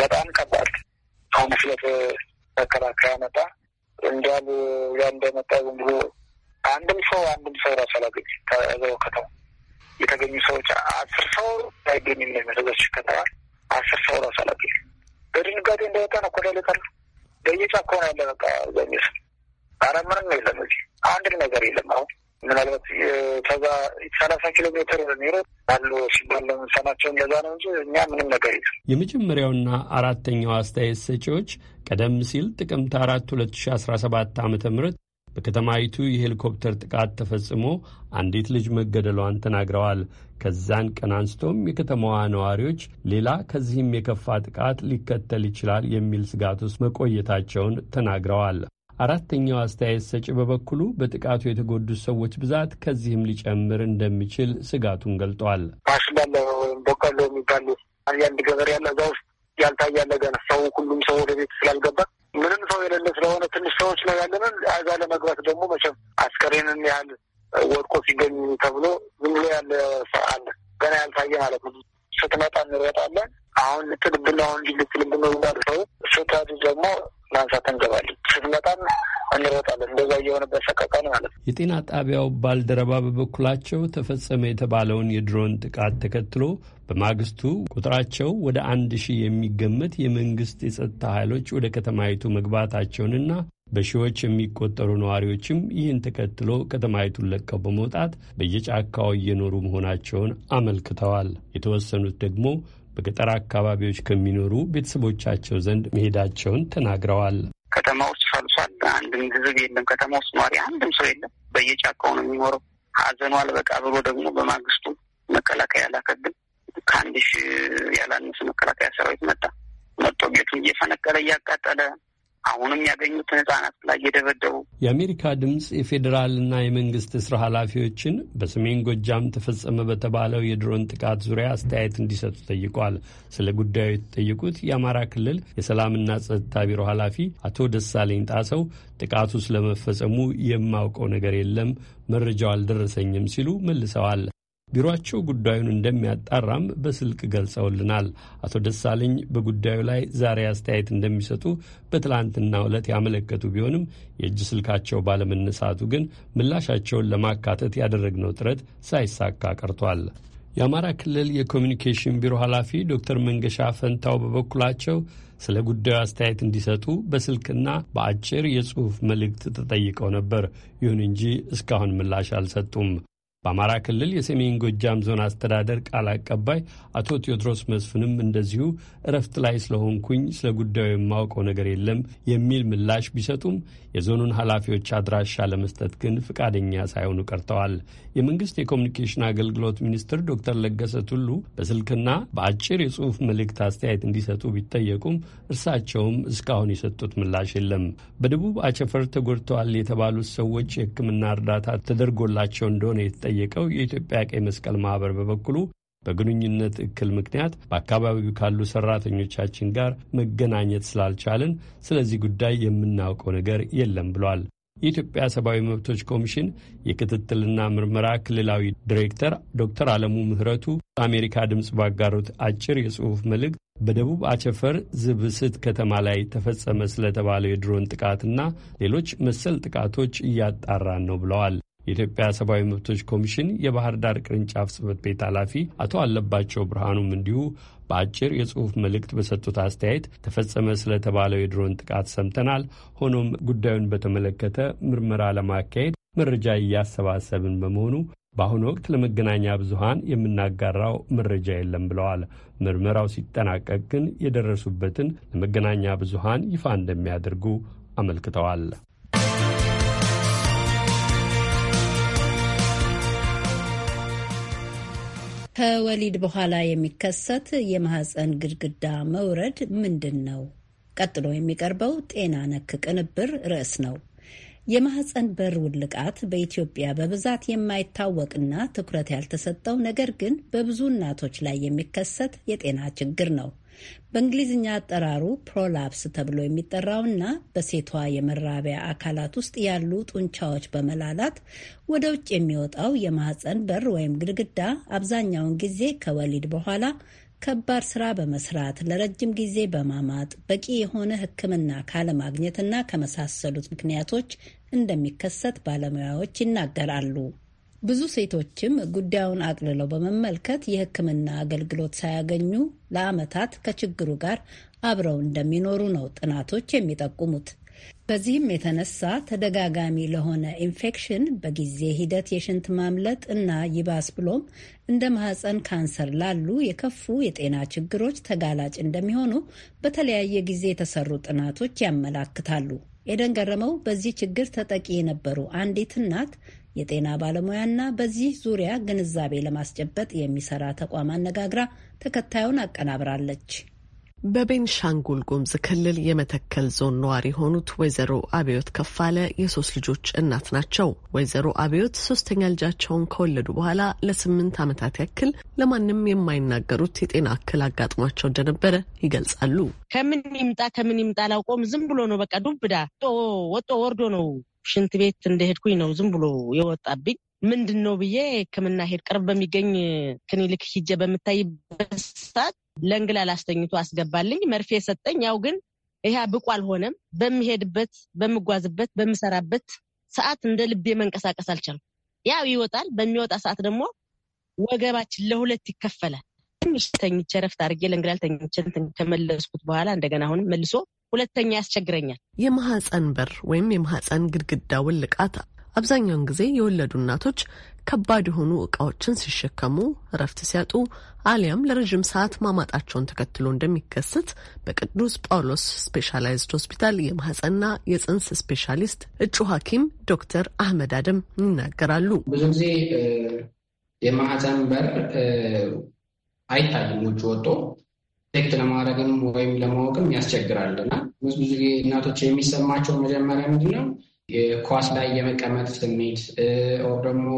Speaker 5: በጣም ከባድ አሁን ስለት መከላከያ መጣ እንዲያሉ ያ እንደመጣ ዝም ብሎ አንድም ሰው አንድም ሰው ራሱ አላገኝ ከዘው ከተማ የተገኙ ሰዎች አስር ሰው አይገኝም ነው የሚያደርገች ከተማ አስር ሰው ራሱ አላገኝ በድንጋጤ እንደወጣ ነው ኮዳ ሌቀር በየጫካው ነው ያለ በቃ ዘሚስ አረ ምንም የለም እዚህ አንድ ነገር የለም። አሁን ምናልባት ከዛ ሰላሳ ኪሎ ሜትር ኒሮ
Speaker 6: አሉ ሲባል ለምንሰማቸው እንደዛ ነው እንጂ እኛ ምንም ነገር የለም። የመጀመሪያውና አራተኛው አስተያየት ሰጪዎች ቀደም ሲል ጥቅምት አራት ሁለት ሺ አስራ ሰባት ዓመተ ምህረት በከተማይቱ የሄሊኮፕተር ጥቃት ተፈጽሞ አንዲት ልጅ መገደሏን ተናግረዋል። ከዛን ቀን አንስቶም የከተማዋ ነዋሪዎች ሌላ ከዚህም የከፋ ጥቃት ሊከተል ይችላል የሚል ስጋት ውስጥ መቆየታቸውን ተናግረዋል። አራተኛው አስተያየት ሰጪ በበኩሉ በጥቃቱ የተጎዱት ሰዎች ብዛት ከዚህም ሊጨምር እንደሚችል ስጋቱን ገልጧል። ማሽላ ወይም
Speaker 5: በቆሎ የሚባል አንድ ገበሬ ያለ እዛ ውስጥ ያልታያለ ያለ ገና ሰው ሁሉም ሰው ወደ ቤት ስላልገባ ምንም ሰው የሌለ ስለሆነ ትንሽ ሰዎች ነው ያለንን። እዛ ለመግባት ደግሞ መቼም አስከሬንን ያህል ወድቆ ሲገኝ ተብሎ ዝም ብሎ ያለ ሰው አለ ገና ያልታየ ማለት ነው። ስትመጣ እንረጣለን። አሁን ልትልብን አሁን ልትልብ ነው ሰው። ስትሄድ ደግሞ
Speaker 6: ማንሳት እንገባለን። ስትመጣም እንሮጣለን። እንደዛ እየሆነበት ሰቀቀን ማለት ነው። የጤና ጣቢያው ባልደረባ በበኩላቸው ተፈጸመ የተባለውን የድሮን ጥቃት ተከትሎ በማግስቱ ቁጥራቸው ወደ አንድ ሺህ የሚገመት የመንግስት የጸጥታ ኃይሎች ወደ ከተማይቱ መግባታቸውንና በሺዎች የሚቆጠሩ ነዋሪዎችም ይህን ተከትሎ ከተማይቱን ለቀው በመውጣት በየጫካው እየኖሩ መሆናቸውን አመልክተዋል። የተወሰኑት ደግሞ በገጠር አካባቢዎች ከሚኖሩ ቤተሰቦቻቸው ዘንድ መሄዳቸውን ተናግረዋል።
Speaker 5: ከተማ ውስጥ ፈልሷል። አንድም ሕዝብ የለም። ከተማ ውስጥ ኗሪ አንድም ሰው የለም። በየጫካው ነው የሚኖረው። ሀዘኑ አልበቃ ብሎ ደግሞ በማግስቱ መከላከያ ላከብን። ከአንድ ሺህ ያላነሰ መከላከያ ሰራዊት መጣ መጥቶ ቤቱን እየፈነቀለ እያቃጠለ አሁንም ያገኙትን ህጻናት ላይ እየደበደቡ
Speaker 6: የአሜሪካ ድምፅ የፌዴራልና የመንግስት ስራ ኃላፊዎችን በሰሜን ጎጃም ተፈጸመ በተባለው የድሮን ጥቃት ዙሪያ አስተያየት እንዲሰጡ ጠይቋል። ስለ ጉዳዩ የተጠየቁት የአማራ ክልል የሰላምና ጸጥታ ቢሮ ኃላፊ አቶ ደሳለኝ ጣሰው ጥቃቱ ስለመፈጸሙ የማውቀው ነገር የለም፣ መረጃው አልደረሰኝም ሲሉ መልሰዋል። ቢሮአቸው ጉዳዩን እንደሚያጣራም በስልክ ገልጸውልናል። አቶ ደሳለኝ በጉዳዩ ላይ ዛሬ አስተያየት እንደሚሰጡ በትላንትና ዕለት ያመለከቱ ቢሆንም የእጅ ስልካቸው ባለመነሳቱ ግን ምላሻቸውን ለማካተት ያደረግነው ጥረት ሳይሳካ ቀርቷል። የአማራ ክልል የኮሚኒኬሽን ቢሮ ኃላፊ ዶክተር መንገሻ ፈንታው በበኩላቸው ስለ ጉዳዩ አስተያየት እንዲሰጡ በስልክና በአጭር የጽሑፍ መልእክት ተጠይቀው ነበር። ይሁን እንጂ እስካሁን ምላሽ አልሰጡም። በአማራ ክልል የሰሜን ጎጃም ዞን አስተዳደር ቃል አቀባይ አቶ ቴዎድሮስ መስፍንም እንደዚሁ እረፍት ላይ ስለሆንኩኝ ስለ ጉዳዩ የማውቀው ነገር የለም የሚል ምላሽ ቢሰጡም የዞኑን ኃላፊዎች አድራሻ ለመስጠት ግን ፈቃደኛ ሳይሆኑ ቀርተዋል። የመንግስት የኮሚኒኬሽን አገልግሎት ሚኒስትር ዶክተር ለገሰ ቱሉ በስልክና በአጭር የጽሑፍ መልእክት አስተያየት እንዲሰጡ ቢጠየቁም እርሳቸውም እስካሁን የሰጡት ምላሽ የለም። በደቡብ አቸፈር ተጎድተዋል የተባሉት ሰዎች የሕክምና እርዳታ ተደርጎላቸው እንደሆነ የተጠ የጠየቀው የኢትዮጵያ ቀይ መስቀል ማህበር በበኩሉ በግንኙነት እክል ምክንያት በአካባቢው ካሉ ሰራተኞቻችን ጋር መገናኘት ስላልቻልን ስለዚህ ጉዳይ የምናውቀው ነገር የለም ብሏል። የኢትዮጵያ ሰብአዊ መብቶች ኮሚሽን የክትትልና ምርመራ ክልላዊ ዲሬክተር ዶክተር አለሙ ምህረቱ አሜሪካ ድምፅ ባጋሩት አጭር የጽሑፍ መልእክት በደቡብ አቸፈር ዝብስት ከተማ ላይ ተፈጸመ ስለተባለው የድሮን ጥቃትና ሌሎች መሰል ጥቃቶች እያጣራን ነው ብለዋል። የኢትዮጵያ ሰብአዊ መብቶች ኮሚሽን የባህር ዳር ቅርንጫፍ ጽህፈት ቤት ኃላፊ አቶ አለባቸው ብርሃኑም እንዲሁ በአጭር የጽሑፍ መልእክት በሰጡት አስተያየት ተፈጸመ ስለተባለው የድሮን ጥቃት ሰምተናል። ሆኖም ጉዳዩን በተመለከተ ምርመራ ለማካሄድ መረጃ እያሰባሰብን በመሆኑ በአሁኑ ወቅት ለመገናኛ ብዙሃን የምናጋራው መረጃ የለም ብለዋል። ምርመራው ሲጠናቀቅ ግን የደረሱበትን ለመገናኛ ብዙሃን ይፋ እንደሚያደርጉ አመልክተዋል።
Speaker 1: ከወሊድ በኋላ የሚከሰት የማህፀን ግድግዳ መውረድ ምንድን ነው? ቀጥሎ የሚቀርበው ጤና ነክ ቅንብር ርዕስ ነው። የማህፀን በር ውልቃት በኢትዮጵያ በብዛት የማይታወቅና ትኩረት ያልተሰጠው ነገር ግን በብዙ እናቶች ላይ የሚከሰት የጤና ችግር ነው። በእንግሊዝኛ አጠራሩ ፕሮላፕስ ተብሎ የሚጠራውና በሴቷ የመራቢያ አካላት ውስጥ ያሉ ጡንቻዎች በመላላት ወደ ውጭ የሚወጣው የማህፀን በር ወይም ግድግዳ አብዛኛውን ጊዜ ከወሊድ በኋላ ከባድ ስራ በመስራት ለረጅም ጊዜ በማማጥ በቂ የሆነ ሕክምና ካለማግኘትና ከመሳሰሉት ምክንያቶች እንደሚከሰት ባለሙያዎች ይናገራሉ። ብዙ ሴቶችም ጉዳዩን አቅልለው በመመልከት የሕክምና አገልግሎት ሳያገኙ ለዓመታት ከችግሩ ጋር አብረው እንደሚኖሩ ነው ጥናቶች የሚጠቁሙት። በዚህም የተነሳ ተደጋጋሚ ለሆነ ኢንፌክሽን በጊዜ ሂደት የሽንት ማምለጥ እና ይባስ ብሎም እንደ ማህፀን ካንሰር ላሉ የከፉ የጤና ችግሮች ተጋላጭ እንደሚሆኑ በተለያየ ጊዜ የተሰሩ ጥናቶች ያመላክታሉ። ኤደን ገረመው በዚህ ችግር ተጠቂ የነበሩ አንዲት እናት የጤና ባለሙያና በዚህ ዙሪያ ግንዛቤ ለማስጨበጥ የሚሰራ ተቋም አነጋግራ ተከታዩን አቀናብራለች።
Speaker 7: በቤንሻንጉል ጉሙዝ ክልል የመተከል ዞን ነዋሪ የሆኑት ወይዘሮ አብዮት ከፋለ የሶስት ልጆች እናት ናቸው። ወይዘሮ አብዮት ሶስተኛ ልጃቸውን ከወለዱ በኋላ ለስምንት ዓመታት ያክል ለማንም የማይናገሩት የጤና እክል አጋጥሟቸው እንደነበረ ይገልጻሉ።
Speaker 8: ከምን ይምጣ ከምን ይምጣ አላውቀውም። ዝም ብሎ ነው በቃ ዱብዳ ወጦ ወርዶ ነው ሽንት ቤት እንደሄድኩኝ ነው ዝም ብሎ የወጣብኝ። ምንድን ነው ብዬ ሕክምና ሄድ ቅርብ በሚገኝ ክሊኒክ ሂጄ በምታይበት ሰዓት ለእንግላል አስተኝቶ አስገባልኝ፣ መርፌ ሰጠኝ። ያው ግን ይህ ብቁ አልሆነም። በምሄድበት፣ በምጓዝበት፣ በምሰራበት ሰዓት እንደ ልቤ መንቀሳቀስ አልቻልኩም። ያው ይወጣል። በሚወጣ ሰዓት ደግሞ ወገባችን ለሁለት ይከፈላል። ትንሽ ተኝቼ ረፍት አድርጌ ለእንግላል ተኝቼ ከመለስኩት በኋላ እንደገና አሁንም መልሶ ሁለተኛ ያስቸግረኛል።
Speaker 7: የማህፀን በር ወይም የማህፀን ግድግዳ ውልቃት አብዛኛውን ጊዜ የወለዱ እናቶች ከባድ የሆኑ እቃዎችን ሲሸከሙ፣ እረፍት ሲያጡ አሊያም ለረዥም ሰዓት ማማጣቸውን ተከትሎ እንደሚከሰት በቅዱስ ጳውሎስ ስፔሻላይዝድ ሆስፒታል የማህፀንና የጽንስ ስፔሻሊስት እጩ ሐኪም ዶክተር አህመድ አደም ይናገራሉ። ብዙ
Speaker 9: ጊዜ የማህፀን በር አይታይም ውጭ ወጥቶ ቴክት ለማድረግም ወይም ለማወቅም ያስቸግራልና ብዙ ጊዜ እናቶች የሚሰማቸው መጀመሪያ ምንድን ነው የኳስ ላይ የመቀመጥ ስሜት ኦር ደግሞ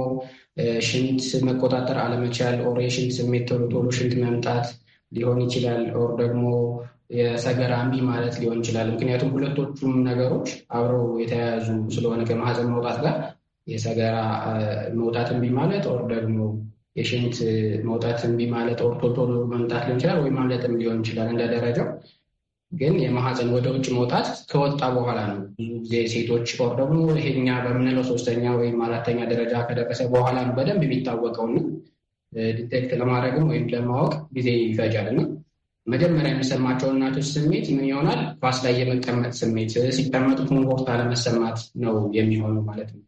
Speaker 9: ሽንት መቆጣጠር አለመቻል ኦር የሽንት ስሜት ቶሎ ቶሎ ሽንት መምጣት ሊሆን ይችላል። ኦር ደግሞ የሰገራ እምቢ ማለት ሊሆን ይችላል። ምክንያቱም ሁለቶቹም ነገሮች አብረው የተያያዙ ስለሆነ ከማህፀን መውጣት ጋር የሰገራ መውጣት እምቢ ማለት ኦር ደግሞ የሽንት መውጣት እምቢ ማለት ኦር መምጣት ሊሆን ይችላል፣ ወይም ማምለጥም ሊሆን ይችላል እንደ ደረጃው። ግን የማህፀን ወደ ውጭ መውጣት ከወጣ በኋላ ነው። ብዙ ጊዜ ሴቶች ኦር ደግሞ ይሄኛ በምንለው ሶስተኛ ወይም አራተኛ ደረጃ ከደረሰ በኋላ ነው በደንብ የሚታወቀውና ዲቴክት ለማድረግም ወይም ለማወቅ ጊዜ ይፈጃል እና መጀመሪያ የሚሰማቸው እናቶች ስሜት ምን ይሆናል? ኳስ ላይ የመቀመጥ ስሜት፣ ሲቀመጡ ኮምፎርት አለመሰማት ነው የሚሆኑ ማለት ነው።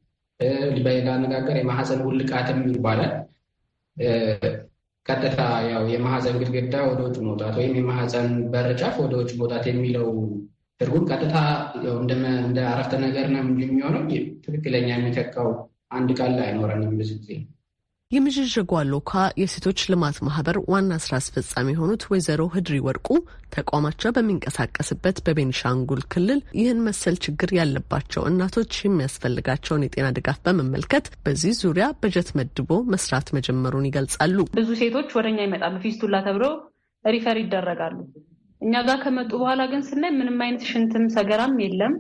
Speaker 9: በሌላ አነጋገር የማህፀን ውልቃትም ይባላል። ቀጥታ ያው የማህፀን ግድግዳ ወደ ውጭ መውጣት ወይም የማህፀን በር ጫፍ ወደ ውጭ መውጣት የሚለው ትርጉም ቀጥታ እንደ አረፍተ ነገር ነው እንጂ የሚሆነው ትክክለኛ የሚተካው አንድ ቃል አይኖረንም ብዙ ጊዜ
Speaker 7: የምዥዥጓ ሎካ የሴቶች ልማት ማህበር ዋና ስራ አስፈጻሚ የሆኑት ወይዘሮ ህድሪ ወርቁ ተቋማቸው በሚንቀሳቀስበት በቤኒሻንጉል ክልል ይህን መሰል ችግር ያለባቸው እናቶች የሚያስፈልጋቸውን የጤና ድጋፍ በመመልከት በዚህ ዙሪያ በጀት መድቦ መስራት መጀመሩን ይገልጻሉ።
Speaker 10: ብዙ ሴቶች ወደኛ ይመጣሉ። ፊስቱላ ተብሎ ሪፈር ይደረጋሉ። እኛ ጋር ከመጡ በኋላ ግን ስናይ ምንም አይነት ሽንትም ሰገራም የለም።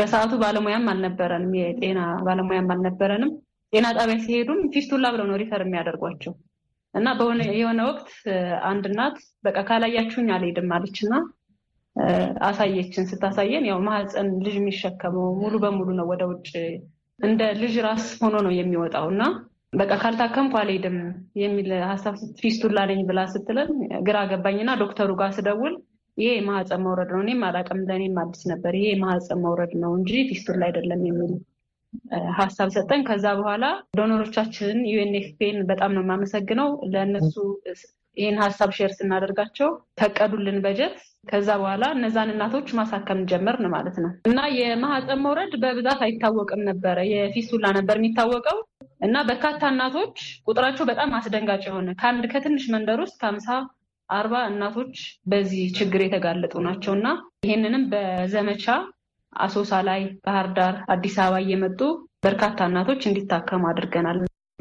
Speaker 10: በሰዓቱ ባለሙያም አልነበረንም፣ የጤና ባለሙያም አልነበረንም። ጤና ጣቢያ ሲሄዱም ፊስቱላ ብለው ነው ሪፈር የሚያደርጓቸው እና የሆነ ወቅት አንድ እናት በቃ ካላያችሁኝ አልሄድም አለች እና አሳየችን። ስታሳየን ያው ማህፀን ልጅ የሚሸከመው ሙሉ በሙሉ ነው ወደ ውጭ እንደ ልጅ ራስ ሆኖ ነው የሚወጣው እና በቃ ካልታከምኩ አልሄድም የሚል ሀሳብ ፊስቱላ ነኝ ብላ ስትለን ግራ ገባኝና ዶክተሩ ጋር ስደውል ይሄ የማህፀን መውረድ ነው፣ እኔም አላውቅም፣ ለእኔም አዲስ ነበር። ይሄ የማህፀን መውረድ ነው እንጂ ፊስቱላ አይደለም የሚል ሀሳብ ሰጠን። ከዛ በኋላ ዶኖሮቻችን ዩኤንኤፍፒን በጣም ነው የማመሰግነው። ለእነሱ ይህን ሀሳብ ሼር ስናደርጋቸው ፈቀዱልን በጀት። ከዛ በኋላ እነዛን እናቶች ማሳከም ጀመርን ማለት ነው እና የማህፀን መውረድ በብዛት አይታወቅም ነበረ። የፊስቱላ ነበር የሚታወቀው እና በርካታ እናቶች ቁጥራቸው በጣም አስደንጋጭ የሆነ ከአንድ ከትንሽ መንደር ውስጥ ከአምሳ አርባ እናቶች በዚህ ችግር የተጋለጡ ናቸው እና ይህንንም በዘመቻ አሶሳ ላይ፣ ባህር ዳር፣ አዲስ አበባ እየመጡ በርካታ እናቶች እንዲታከሙ አድርገናል።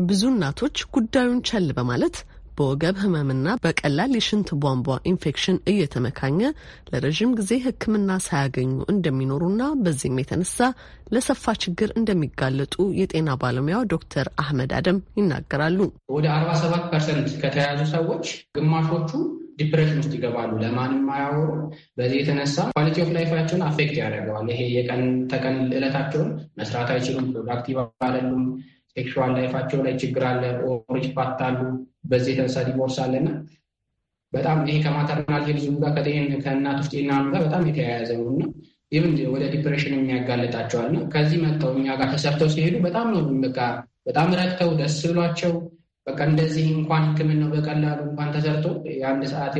Speaker 7: ብዙ እናቶች ጉዳዩን ቸል በማለት በወገብ ህመምና በቀላል የሽንት ቧንቧ ኢንፌክሽን እየተመካኘ ለረዥም ጊዜ ሕክምና ሳያገኙ እንደሚኖሩና በዚህም የተነሳ ለሰፋ ችግር እንደሚጋለጡ የጤና ባለሙያው ዶክተር አህመድ አደም ይናገራሉ።
Speaker 9: ወደ አርባ ሰባት ፐርሰንት ከተያዙ ሰዎች ግማሾቹ ዲፕሬሽን ውስጥ ይገባሉ። ለማንም ማያወሩ። በዚህ የተነሳ ኳሊቲ ኦፍ ላይፋቸውን አፌክት ያደርገዋል። ይሄ የቀን ተቀን እለታቸውን መስራት አይችሉም፣ ፕሮዳክቲቭ አይደሉም። ሴክሹዋል ላይፋቸው ላይ ችግር አለ፣ ኦሪጅ ፓርት በዚህ የተነሳ ዲቮርስ አለና በጣም ይሄ ከማተርናል ሄልዝም ጋር ከእናት ውስጥ ናም ጋር በጣም የተያያዘ ነው እና ይህም ወደ ዲፕሬሽን የሚያጋልጣቸዋል እና ከዚህ መጥተው እኛ ጋር ተሰርተው ሲሄዱ በጣም ነው በቃ በጣም ረድተው ደስ ብሏቸው በቃ እንደዚህ እንኳን ሕክምናው በቀላሉ እንኳን ተሰርቶ የአንድ ሰዓት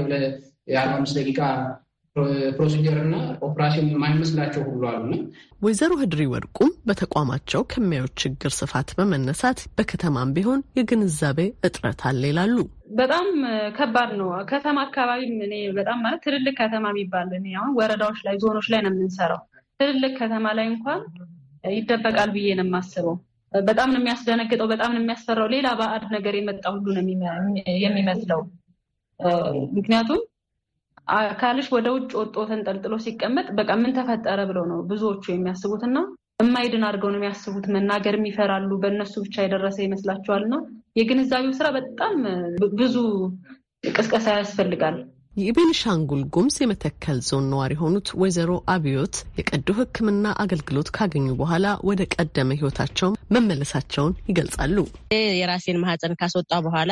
Speaker 9: የአርባ አምስት ደቂቃ ፕሮሲጀር እና ኦፕራሽን የማይመስላቸው ሁሉ አሉና
Speaker 7: ወይዘሮ ህድሪ ወርቁም በተቋማቸው ከሚያዩት ችግር ስፋት በመነሳት በከተማም ቢሆን የግንዛቤ እጥረት አለ ይላሉ።
Speaker 10: በጣም ከባድ ነው። ከተማ አካባቢ እኔ በጣም ማለት ትልልቅ ከተማ የሚባል እኔ አሁን ወረዳዎች ላይ ዞኖች ላይ ነው የምንሰራው። ትልልቅ ከተማ ላይ እንኳን ይደበቃል ብዬ ነው የማስበው። በጣም ነው የሚያስደነግጠው። በጣም ነው የሚያስፈራው። ሌላ ባዕድ ነገር የመጣ ሁሉ ነው የሚመስለው ምክንያቱም አካልሽ ወደ ውጭ ወጦ ተንጠልጥሎ ሲቀመጥ በቃ ምን ተፈጠረ ብለው ነው ብዙዎቹ የሚያስቡትና የማይድን አድርገው ነው የሚያስቡት። መናገር የሚፈራሉ። በእነሱ ብቻ የደረሰ ይመስላቸዋልና የግንዛቤው ስራ በጣም ብዙ ቅስቀሳ ያስፈልጋል።
Speaker 7: የቤኒሻንጉል ጉምዝ የመተከል ዞን ነዋሪ የሆኑት ወይዘሮ አብዮት የቀዶ ሕክምና አገልግሎት ካገኙ በኋላ ወደ ቀደመ ህይወታቸው መመለሳቸውን ይገልጻሉ።
Speaker 8: የራሴን ማህፀን ካስወጣ በኋላ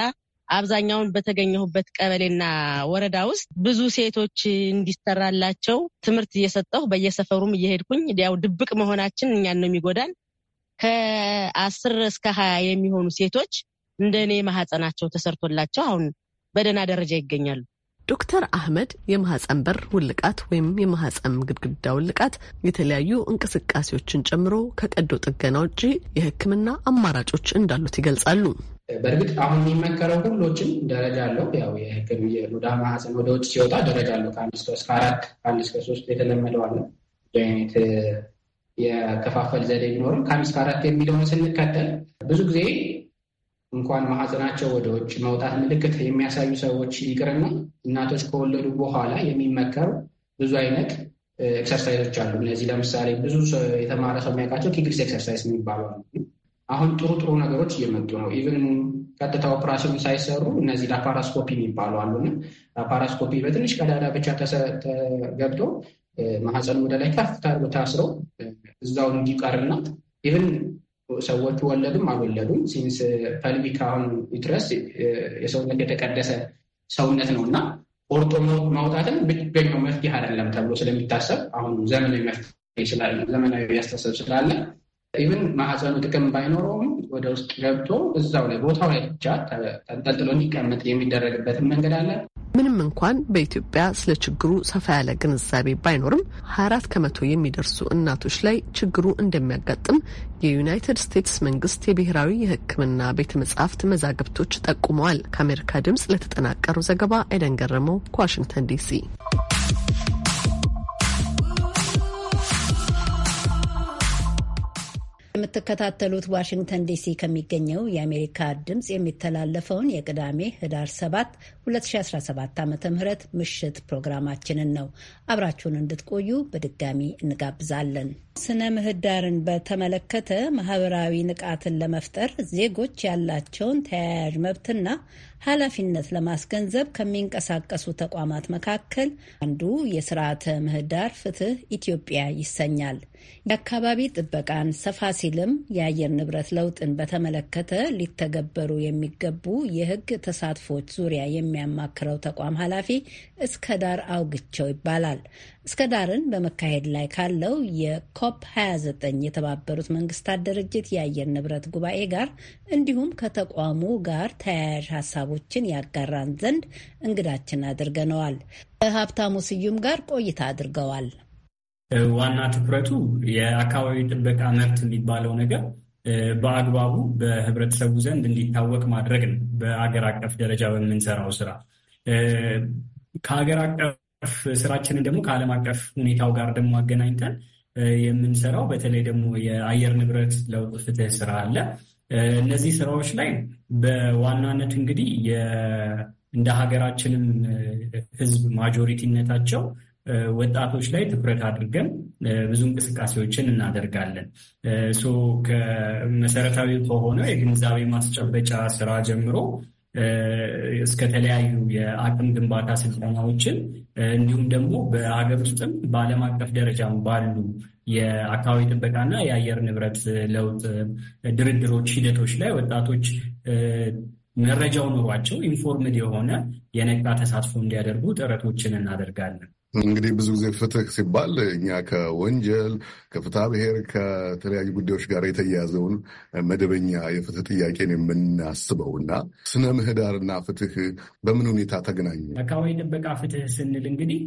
Speaker 8: አብዛኛውን በተገኘሁበት ቀበሌና ወረዳ ውስጥ ብዙ ሴቶች እንዲሰራላቸው ትምህርት እየሰጠሁ በየሰፈሩም እየሄድኩኝ ያው ድብቅ መሆናችን እኛን ነው የሚጎዳን። ከአስር እስከ ሀያ የሚሆኑ ሴቶች እንደ እኔ ማህፀናቸው ተሰርቶላቸው አሁን በደህና ደረጃ ይገኛሉ። ዶክተር
Speaker 7: አህመድ የማህፀን በር ውልቃት ወይም የማህፀን ግድግዳ ውልቃት የተለያዩ እንቅስቃሴዎችን ጨምሮ ከቀዶ ጥገና ውጭ የሕክምና አማራጮች እንዳሉት ይገልጻሉ።
Speaker 9: በእርግጥ አሁን የሚመከረው ሁሎችም ደረጃ አለው። ያው የዱዳ ማህፀን ወደ ውጭ ሲወጣ ደረጃ አለው። ከአንድ እስከ እስከ አራት ከአንድ እስከ ሶስት የተለመደው አለ። በአይነት የከፋፈል ዘዴ ቢኖርም ከአንድ እስከ አራት የሚለውን ስንከተል ብዙ ጊዜ እንኳን ማህፀናቸው ወደ ውጭ መውጣት ምልክት የሚያሳዩ ሰዎች ይቅርና እናቶች ከወለዱ በኋላ የሚመከሩ ብዙ አይነት ኤክሰርሳይዞች አሉ። እነዚህ ለምሳሌ ብዙ የተማረ ሰው የሚያውቃቸው ኪግልስ ኤክሰርሳይዝ የሚባሉ አሁን ጥሩ ጥሩ ነገሮች እየመጡ ነው። ኢቨን ቀጥታ ኦፕራሽን ሳይሰሩ እነዚህ ላፓራስኮፒ የሚባሉ አሉና ላፓራስኮፒ በትንሽ ቀዳዳ ብቻ ተገብቶ ማህፀን ወደ ላይ ከፍ ታስረው እዛው እንዲቀርና ኢቨን ሰዎቹ ወለዱም አልወለዱም ሲንስ ፐልቪክ አሁን ዩትረስ የሰውነት የተቀደሰ ሰውነት ነው እና ቆርጦ ማውጣትን ብቸኛው መፍትሄ አይደለም ተብሎ ስለሚታሰብ አሁን ዘመናዊ መፍትሄ ስላለ ዘመናዊ ያስተሰብ ስላለ ኢቨን ማህፀኑ ጥቅም ባይኖረውም ወደ ውስጥ ገብቶ እዛው ላይ ቦታው ላይ ብቻ ተንጠልጥሎ እንዲቀመጥ የሚደረግበትን መንገድ አለ።
Speaker 7: ምንም እንኳን በኢትዮጵያ ስለ ችግሩ ሰፋ ያለ ግንዛቤ ባይኖርም 24 ከመቶ የሚደርሱ እናቶች ላይ ችግሩ እንደሚያጋጥም የዩናይትድ ስቴትስ መንግስት የብሔራዊ የሕክምና ቤተ መጻሕፍት መዛግብቶች ጠቁመዋል። ከአሜሪካ ድምጽ ለተጠናቀሩ ዘገባ አይደን ገረመው ከዋሽንግተን ዲሲ
Speaker 1: የምትከታተሉት ዋሽንግተን ዲሲ ከሚገኘው የአሜሪካ ድምፅ የሚተላለፈውን የቅዳሜ ህዳር 7 2017 ዓ ም ምሽት ፕሮግራማችንን ነው። አብራችሁን እንድትቆዩ በድጋሚ እንጋብዛለን። ስነ ምህዳርን በተመለከተ ማህበራዊ ንቃትን ለመፍጠር ዜጎች ያላቸውን ተያያዥ መብትና ኃላፊነት ለማስገንዘብ ከሚንቀሳቀሱ ተቋማት መካከል አንዱ የስርዓተ ምህዳር ፍትህ ኢትዮጵያ ይሰኛል። የአካባቢ ጥበቃን ሰፋ ሲልም የአየር ንብረት ለውጥን በተመለከተ ሊተገበሩ የሚገቡ የሕግ ተሳትፎች ዙሪያ የሚያማክረው ተቋም ኃላፊ እስከ ዳር አውግቸው ይባላል። እስከ ዳርን በመካሄድ ላይ ካለው የኮፕ 29 የተባበሩት መንግስታት ድርጅት የአየር ንብረት ጉባኤ ጋር እንዲሁም ከተቋሙ ጋር ተያያዥ ሀሳቦችን ያጋራን ዘንድ እንግዳችን አድርገነዋል። ከሀብታሙ ስዩም ጋር ቆይታ አድርገዋል።
Speaker 11: ዋና ትኩረቱ የአካባቢ ጥበቃ መብት የሚባለው ነገር በአግባቡ በህብረተሰቡ ዘንድ እንዲታወቅ ማድረግ ነው። በአገር አቀፍ ደረጃ በምንሰራው ስራ ከሀገር አቀፍ ስራችንን ደግሞ ከዓለም አቀፍ ሁኔታው ጋር ደግሞ አገናኝተን የምንሰራው በተለይ ደግሞ የአየር ንብረት ለውጥ ፍትህ ስራ አለ። እነዚህ ስራዎች ላይ በዋናነት እንግዲህ እንደ ሀገራችንም ህዝብ ማጆሪቲነታቸው ወጣቶች ላይ ትኩረት አድርገን ብዙ እንቅስቃሴዎችን እናደርጋለን። ከመሰረታዊ ከሆነ የግንዛቤ ማስጨበጫ ስራ ጀምሮ እስከተለያዩ የአቅም ግንባታ ስልጠናዎችን እንዲሁም ደግሞ በአገር ውስጥም በዓለም አቀፍ ደረጃም ባሉ የአካባቢ ጥበቃና የአየር ንብረት ለውጥ ድርድሮች ሂደቶች ላይ ወጣቶች መረጃው ኑሯቸው ኢንፎርምድ የሆነ የነቃ ተሳትፎ እንዲያደርጉ ጥረቶችን እናደርጋለን።
Speaker 12: እንግዲህ ብዙ ጊዜ ፍትህ ሲባል እኛ ከወንጀል ከፍትሐ ብሔር ከተለያዩ ጉዳዮች ጋር የተያያዘውን መደበኛ የፍትህ ጥያቄን የምናስበው እና ስነ ምህዳርና ፍትህ በምን ሁኔታ ተገናኙ?
Speaker 11: አካባቢ ጥበቃ ፍትህ ስንል እንግዲህ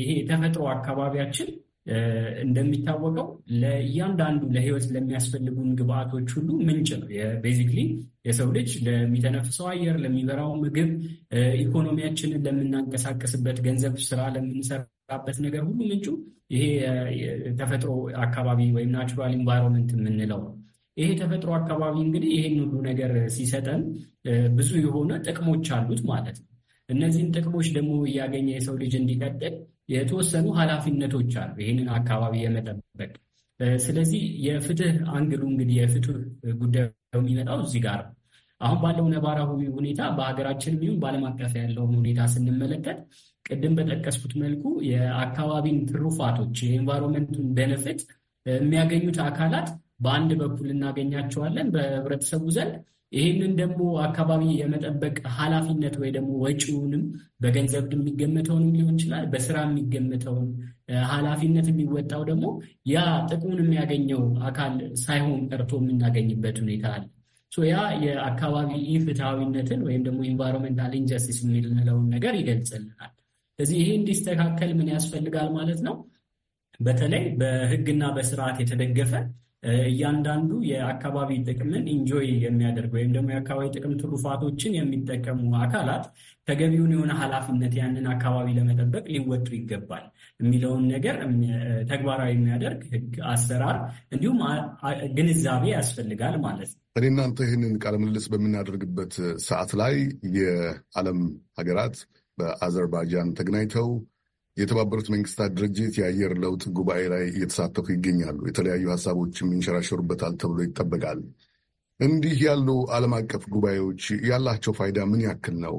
Speaker 11: ይሄ የተፈጥሮ አካባቢያችን እንደሚታወቀው ለእያንዳንዱ ለህይወት ለሚያስፈልጉን ግብአቶች ሁሉ ምንጭ ነው። ቤዚክሊ የሰው ልጅ ለሚተነፍሰው አየር፣ ለሚበራው ምግብ፣ ኢኮኖሚያችንን ለምናንቀሳቀስበት ገንዘብ፣ ስራ ለምንሰራበት ነገር ሁሉ ምንጩ ይሄ ተፈጥሮ አካባቢ ወይም ናቹራል ኢንቫይሮንመንት የምንለው ነው። ይሄ ተፈጥሮ አካባቢ እንግዲህ ይሄን ሁሉ ነገር ሲሰጠን ብዙ የሆነ ጥቅሞች አሉት ማለት ነው። እነዚህን ጥቅሞች ደግሞ እያገኘ የሰው ልጅ እንዲቀጥል የተወሰኑ ኃላፊነቶች አሉ ይህንን አካባቢ የመጠበቅ። ስለዚህ የፍትህ አንግሉ እንግዲህ የፍትህ ጉዳዩ የሚመጣው እዚህ ጋር አሁን ባለው ነባራዊ ሁኔታ በሀገራችን ይሁን በዓለም አቀፍ ያለውን ሁኔታ ስንመለከት ቅድም በጠቀስኩት መልኩ የአካባቢን ትሩፋቶች የኤንቫይሮንመንቱን ቤነፊት የሚያገኙት አካላት በአንድ በኩል እናገኛቸዋለን በህብረተሰቡ ዘንድ ይህንን ደግሞ አካባቢ የመጠበቅ ኃላፊነት ወይ ደግሞ ወጪውንም በገንዘብ የሚገመተውንም ሊሆን ይችላል፣ በስራ የሚገመተውን ኃላፊነት የሚወጣው ደግሞ ያ ጥቅሙን የሚያገኘው አካል ሳይሆን ቀርቶ የምናገኝበት ሁኔታ አለ። ያ የአካባቢ ኢፍትሐዊነትን ወይም ደግሞ ኢንቫይሮንመንታል ኢንጀስቲስ የምንለውን ነገር ይገልጽልናል። ስለዚህ ይህ እንዲስተካከል ምን ያስፈልጋል ማለት ነው? በተለይ በህግና በስርዓት የተደገፈ እያንዳንዱ የአካባቢ ጥቅምን ኢንጆይ የሚያደርግ ወይም ደግሞ የአካባቢ ጥቅም ትሩፋቶችን የሚጠቀሙ አካላት ተገቢውን የሆነ ኃላፊነት ያንን አካባቢ ለመጠበቅ ሊወጡ ይገባል የሚለውን ነገር ተግባራዊ የሚያደርግ ሕግ፣ አሰራር እንዲሁም ግንዛቤ ያስፈልጋል ማለት ነው።
Speaker 12: እኔ እናንተ ይህንን ቃለ ምልልስ በምናደርግበት ሰዓት ላይ የዓለም ሀገራት በአዘርባይጃን ተገናኝተው የተባበሩት መንግስታት ድርጅት የአየር ለውጥ ጉባኤ ላይ እየተሳተፉ ይገኛሉ። የተለያዩ ሀሳቦችም ይንሸራሸሩበታል ተብሎ ይጠበቃል። እንዲህ ያሉ ዓለም አቀፍ ጉባኤዎች ያላቸው ፋይዳ ምን ያክል ነው?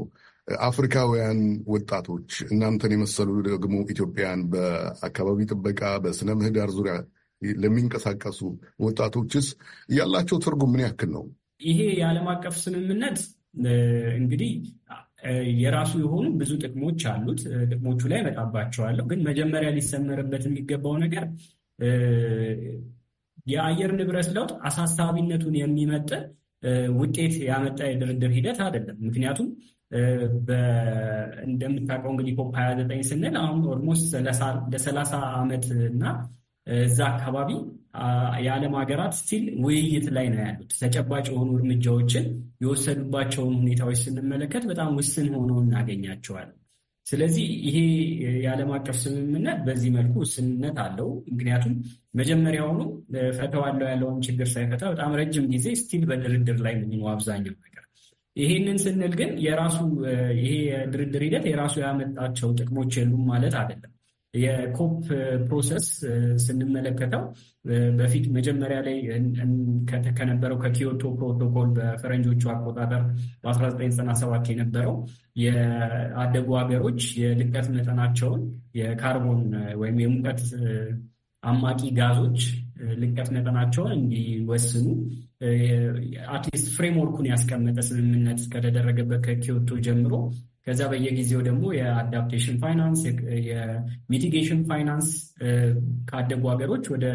Speaker 12: አፍሪካውያን ወጣቶች እናንተን የመሰሉ ደግሞ ኢትዮጵያን በአካባቢ ጥበቃ በስነ ምህዳር ዙሪያ ለሚንቀሳቀሱ ወጣቶችስ ያላቸው ትርጉም ምን ያክል ነው?
Speaker 11: ይሄ የዓለም አቀፍ ስምምነት እንግዲህ የራሱ የሆኑ ብዙ ጥቅሞች አሉት። ጥቅሞቹ ላይ እመጣባቸዋለሁ። ግን መጀመሪያ ሊሰመርበት የሚገባው ነገር የአየር ንብረት ለውጥ አሳሳቢነቱን የሚመጥን ውጤት ያመጣ የድርድር ሂደት አይደለም። ምክንያቱም እንደምታውቀው እንግዲህ ኮፕ 29 ስንል አሁን ኦልሞስት ለሰላሳ ዓመት እና እዛ አካባቢ የዓለም ሀገራት ስቲል ውይይት ላይ ነው ያሉት። ተጨባጭ የሆኑ እርምጃዎችን የወሰዱባቸውን ሁኔታዎች ስንመለከት በጣም ውስን ሆነው እናገኛቸዋለን። ስለዚህ ይሄ የዓለም አቀፍ ስምምነት በዚህ መልኩ ውስንነት አለው። ምክንያቱም መጀመሪያውኑ ፈተዋለው ያለውን ችግር ሳይፈታ በጣም ረጅም ጊዜ ስቲል በድርድር ላይ የምንለው አብዛኛው ነገር። ይሄንን ስንል ግን የራሱ ይሄ የድርድር ሂደት የራሱ ያመጣቸው ጥቅሞች የሉም ማለት አይደለም። የኮፕ ፕሮሰስ ስንመለከተው በፊት መጀመሪያ ላይ ከነበረው ከኪዮቶ ፕሮቶኮል በፈረንጆቹ አቆጣጠር በ1997 የነበረው የአደጉ ሀገሮች የልቀት መጠናቸውን የካርቦን ወይም የሙቀት አማቂ ጋዞች ልቀት መጠናቸውን እንዲወስኑ አትሊስት ፍሬምወርኩን ያስቀመጠ ስምምነት ከተደረገበት ከኪዮቶ ጀምሮ ከዛ በየጊዜው ደግሞ የአዳፕቴሽን ፋይናንስ፣ የሚቲጌሽን ፋይናንስ ካደጉ ሀገሮች ወደ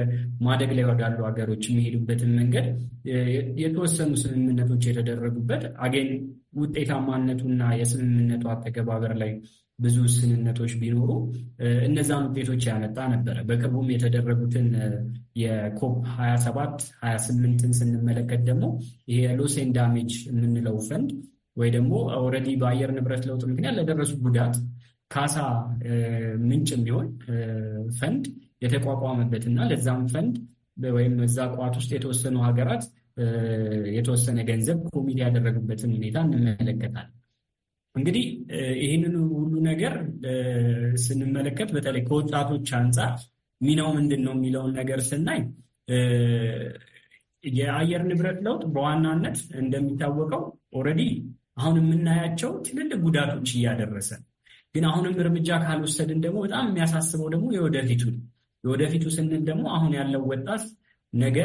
Speaker 11: ማደግ ላይ ወዳሉ ሀገሮች የሚሄዱበትን መንገድ የተወሰኑ ስምምነቶች የተደረጉበት አገኝ ውጤታማነቱና የስምምነቱ አተገባበር ላይ ብዙ ስንነቶች ቢኖሩ እነዛን ውጤቶች ያመጣ ነበረ። በቅርቡም የተደረጉትን የኮፕ 27 28ን ስንመለከት ደግሞ ሎሴን ዳሜጅ የምንለው ፈንድ ወይ ደግሞ ኦልሬዲ በአየር ንብረት ለውጥ ምክንያት ለደረሱ ጉዳት ካሳ ምንጭም ቢሆን ፈንድ የተቋቋመበት እና ለዛም ፈንድ ወይም እዛ ቋት ውስጥ የተወሰኑ ሀገራት የተወሰነ ገንዘብ ኮሚቴ ያደረጉበትን ሁኔታ እንመለከታል። እንግዲህ ይህንን ሁሉ ነገር ስንመለከት በተለይ ከወጣቶች አንጻር ሚናው ምንድን ነው የሚለውን ነገር ስናይ የአየር ንብረት ለውጥ በዋናነት እንደሚታወቀው ኦልሬዲ አሁን የምናያቸው ትልልቅ ጉዳቶች እያደረሰ ግን አሁንም እርምጃ ካልወሰድን ደግሞ በጣም የሚያሳስበው ደግሞ የወደፊቱ የወደፊቱ ስንል ደግሞ አሁን ያለው ወጣት ነገ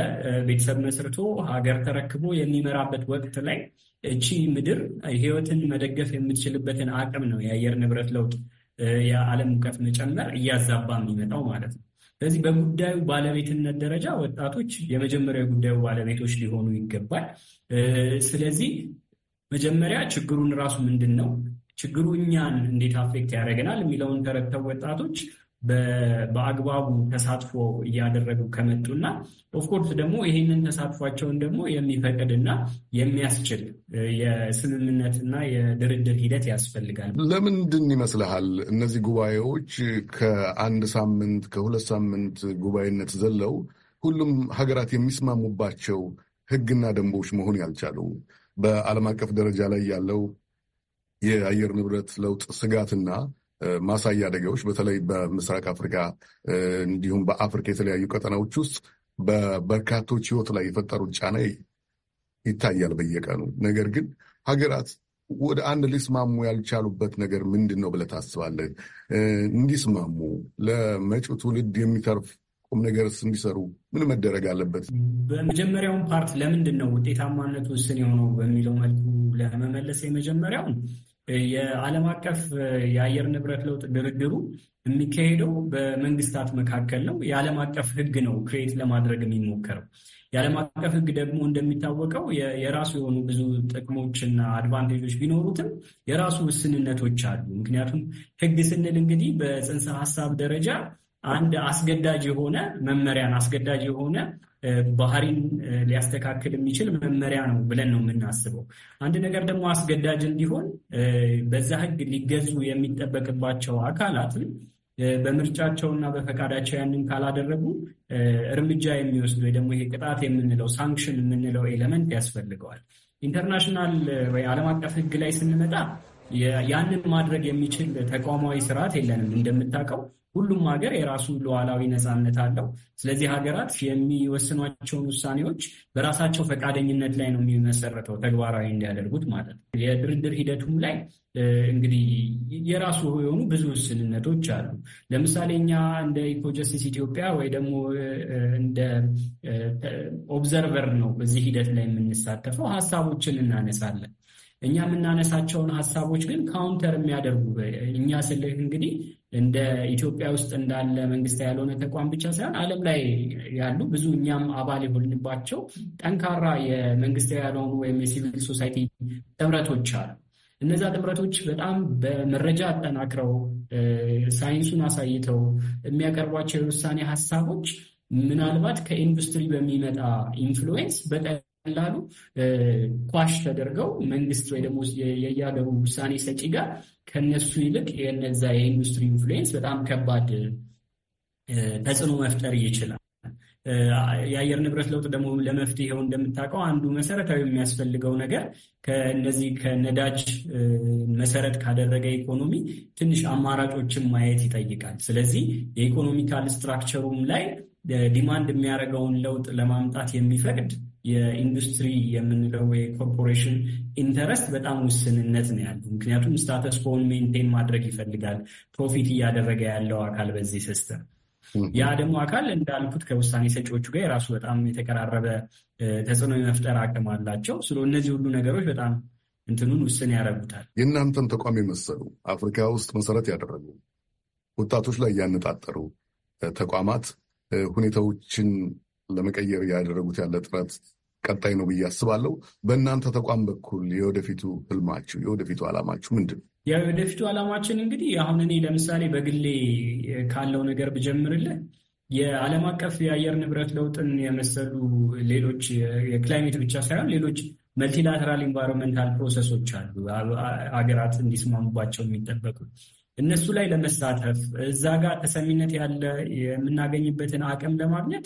Speaker 11: ቤተሰብ መስርቶ ሀገር ተረክቦ የሚመራበት ወቅት ላይ እቺ ምድር ህይወትን መደገፍ የምትችልበትን አቅም ነው የአየር ንብረት ለውጥ የዓለም ሙቀት መጨመር እያዛባ የሚመጣው ማለት ነው። ስለዚህ በጉዳዩ ባለቤትነት ደረጃ ወጣቶች የመጀመሪያ ጉዳዩ ባለቤቶች ሊሆኑ ይገባል። ስለዚህ መጀመሪያ ችግሩን ራሱ ምንድን ነው፣ ችግሩ እኛን እንዴት አፌክት ያደርገናል የሚለውን ተረድተው ወጣቶች በአግባቡ ተሳትፎ እያደረጉ ከመጡና ኦፍኮርስ ደግሞ ይህንን ተሳትፏቸውን ደግሞ የሚፈቅድና የሚያስችል የስምምነትና የድርድር ሂደት ያስፈልጋል።
Speaker 12: ለምንድን ይመስልሃል እነዚህ ጉባኤዎች ከአንድ ሳምንት ከሁለት ሳምንት ጉባኤነት ዘለው ሁሉም ሀገራት የሚስማሙባቸው ህግና ደንቦች መሆን ያልቻሉ? በዓለም አቀፍ ደረጃ ላይ ያለው የአየር ንብረት ለውጥ ስጋትና ማሳያ አደጋዎች በተለይ በምስራቅ አፍሪካ እንዲሁም በአፍሪካ የተለያዩ ቀጠናዎች ውስጥ በበርካቶች ሕይወት ላይ የፈጠሩት ጫና ይታያል በየቀኑ። ነገር ግን ሀገራት ወደ አንድ ሊስማሙ ያልቻሉበት ነገር ምንድን ነው ብለህ ታስባለህ? እንዲስማሙ ለመጪው ትውልድ የሚተርፍ ቁም ነገርስ እንዲሰሩ ምን መደረግ አለበት?
Speaker 11: በመጀመሪያውን ፓርት ለምንድን ነው ውጤታማነት ውስን የሆነው በሚለው መልኩ ለመመለስ የመጀመሪያውን የዓለም አቀፍ የአየር ንብረት ለውጥ ድርድሩ የሚካሄደው በመንግስታት መካከል ነው። የዓለም አቀፍ ሕግ ነው ክሬት ለማድረግ የሚሞከረው። የዓለም አቀፍ ሕግ ደግሞ እንደሚታወቀው የራሱ የሆኑ ብዙ ጥቅሞችና አድቫንቴጆች ቢኖሩትም የራሱ ውስንነቶች አሉ። ምክንያቱም ሕግ ስንል እንግዲህ በጽንሰ ሀሳብ ደረጃ አንድ አስገዳጅ የሆነ መመሪያን አስገዳጅ የሆነ ባህሪን ሊያስተካክል የሚችል መመሪያ ነው ብለን ነው የምናስበው። አንድ ነገር ደግሞ አስገዳጅ እንዲሆን በዛ ህግ ሊገዙ የሚጠበቅባቸው አካላትም በምርጫቸውና በፈቃዳቸው ያንን ካላደረጉ እርምጃ የሚወስድ ወይ ደግሞ ይሄ ቅጣት የምንለው ሳንክሽን የምንለው ኤለመንት ያስፈልገዋል። ኢንተርናሽናል ወይ ዓለም አቀፍ ህግ ላይ ስንመጣ ያንን ማድረግ የሚችል ተቋማዊ ስርዓት የለንም። እንደምታውቀው ሁሉም ሀገር የራሱ ሉዓላዊ ነፃነት አለው። ስለዚህ ሀገራት የሚወስኗቸውን ውሳኔዎች በራሳቸው ፈቃደኝነት ላይ ነው የሚመሰረተው ተግባራዊ እንዲያደርጉት ማለት ነው። የድርድር ሂደቱም ላይ እንግዲህ የራሱ የሆኑ ብዙ ውስንነቶች አሉ። ለምሳሌ እኛ እንደ ኢኮጀስቲስ ኢትዮጵያ ወይ ደግሞ እንደ ኦብዘርቨር ነው በዚህ ሂደት ላይ የምንሳተፈው፣ ሀሳቦችን እናነሳለን። እኛ የምናነሳቸውን ሀሳቦች ግን ካውንተር የሚያደርጉ እኛ ስልህ እንግዲህ እንደ ኢትዮጵያ ውስጥ እንዳለ መንግስት ያልሆነ ተቋም ብቻ ሳይሆን ዓለም ላይ ያሉ ብዙ እኛም አባል የሆንባቸው ጠንካራ የመንግስት ያልሆኑ ወይም የሲቪል ሶሳይቲ ጥምረቶች አሉ። እነዛ ጥምረቶች በጣም በመረጃ አጠናክረው ሳይንሱን አሳይተው የሚያቀርቧቸው የውሳኔ ሀሳቦች ምናልባት ከኢንዱስትሪ በሚመጣ ኢንፍሉዌንስ በቀላሉ ኳሽ ተደርገው መንግስት ወይ ደግሞ የየሀገሩ ውሳኔ ሰጪ ጋር ከነሱ ይልቅ የነዛ የኢንዱስትሪ ኢንፍሉዌንስ በጣም ከባድ ተጽዕኖ መፍጠር ይችላል። የአየር ንብረት ለውጥ ደግሞ ለመፍትሄው እንደምታውቀው አንዱ መሰረታዊ የሚያስፈልገው ነገር ከነዚህ ከነዳጅ መሰረት ካደረገ ኢኮኖሚ ትንሽ አማራጮችን ማየት ይጠይቃል። ስለዚህ የኢኮኖሚካል ስትራክቸሩም ላይ ዲማንድ የሚያደርገውን ለውጥ ለማምጣት የሚፈቅድ የኢንዱስትሪ የምንለው የኮርፖሬሽን ኢንተረስት በጣም ውስንነት ነው ያሉ። ምክንያቱም ስታተስ ኮን ሜንቴን ማድረግ ይፈልጋል ፕሮፊት እያደረገ ያለው አካል በዚህ ሲስተም። ያ ደግሞ አካል እንዳልኩት ከውሳኔ ሰጪዎቹ ጋር የራሱ በጣም የተቀራረበ ተጽዕኖ የመፍጠር አቅም አላቸው። ስለ እነዚህ ሁሉ ነገሮች በጣም እንትኑን ውስን ያደረጉታል።
Speaker 12: የእናንተን ተቋም የመሰሉ አፍሪካ ውስጥ መሰረት ያደረጉ ወጣቶች ላይ ያነጣጠሩ ተቋማት ሁኔታዎችን ለመቀየር ያደረጉት ያለ ጥረት ቀጣይ ነው ብዬ አስባለሁ። በእናንተ ተቋም በኩል የወደፊቱ ህልማችሁ የወደፊቱ ዓላማችሁ ምንድን ነው?
Speaker 11: የወደፊቱ ዓላማችን እንግዲህ አሁን እኔ ለምሳሌ በግሌ ካለው ነገር ብጀምርልህ የዓለም አቀፍ የአየር ንብረት ለውጥን የመሰሉ ሌሎች የክላይሜት ብቻ ሳይሆን ሌሎች መልቲላተራል ኢንቫይሮንመንታል ፕሮሰሶች አሉ፣ ሀገራት እንዲስማሙባቸው የሚጠበቁ እነሱ ላይ ለመሳተፍ እዛ ጋር ተሰሚነት ያለ የምናገኝበትን አቅም ለማግኘት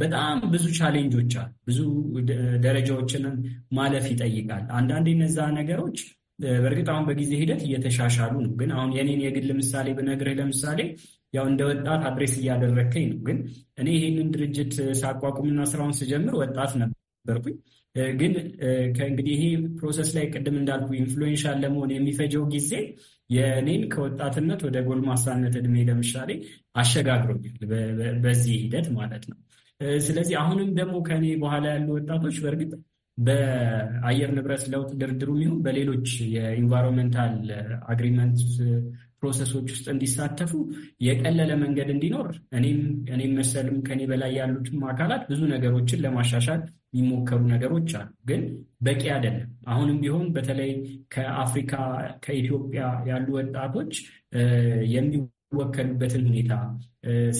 Speaker 11: በጣም ብዙ ቻሌንጆች አሉ። ብዙ ደረጃዎችንን ማለፍ ይጠይቃል። አንዳንድ የነዛ ነገሮች በእርግጥ አሁን በጊዜ ሂደት እየተሻሻሉ ነው። ግን አሁን የኔን የግል ምሳሌ ብነግርህ ለምሳሌ ያው እንደ ወጣት አድሬስ እያደረግከኝ ነው። ግን እኔ ይህንን ድርጅት ሳቋቁምና ስራውን ስጀምር ወጣት ነበርኩኝ። ግን ከእንግዲህ ይሄ ፕሮሰስ ላይ ቅድም እንዳልኩ ኢንፍሉዌንሻል ለመሆን የሚፈጀው ጊዜ የእኔን ከወጣትነት ወደ ጎልማሳነት እድሜ ለምሳሌ አሸጋግሮኛል። በዚህ ሂደት ማለት ነው። ስለዚህ አሁንም ደግሞ ከኔ በኋላ ያሉ ወጣቶች በእርግጥ በአየር ንብረት ለውጥ ድርድሩ የሚሆን በሌሎች የኢንቫይሮንመንታል አግሪመንት ፕሮሰሶች ውስጥ እንዲሳተፉ የቀለለ መንገድ እንዲኖር እኔም እኔም መሰልም ከኔ በላይ ያሉትም አካላት ብዙ ነገሮችን ለማሻሻል የሚሞከሩ ነገሮች አሉ፣ ግን በቂ አይደለም። አሁንም ቢሆን በተለይ ከአፍሪካ ከኢትዮጵያ ያሉ ወጣቶች የሚወከሉበትን ሁኔታ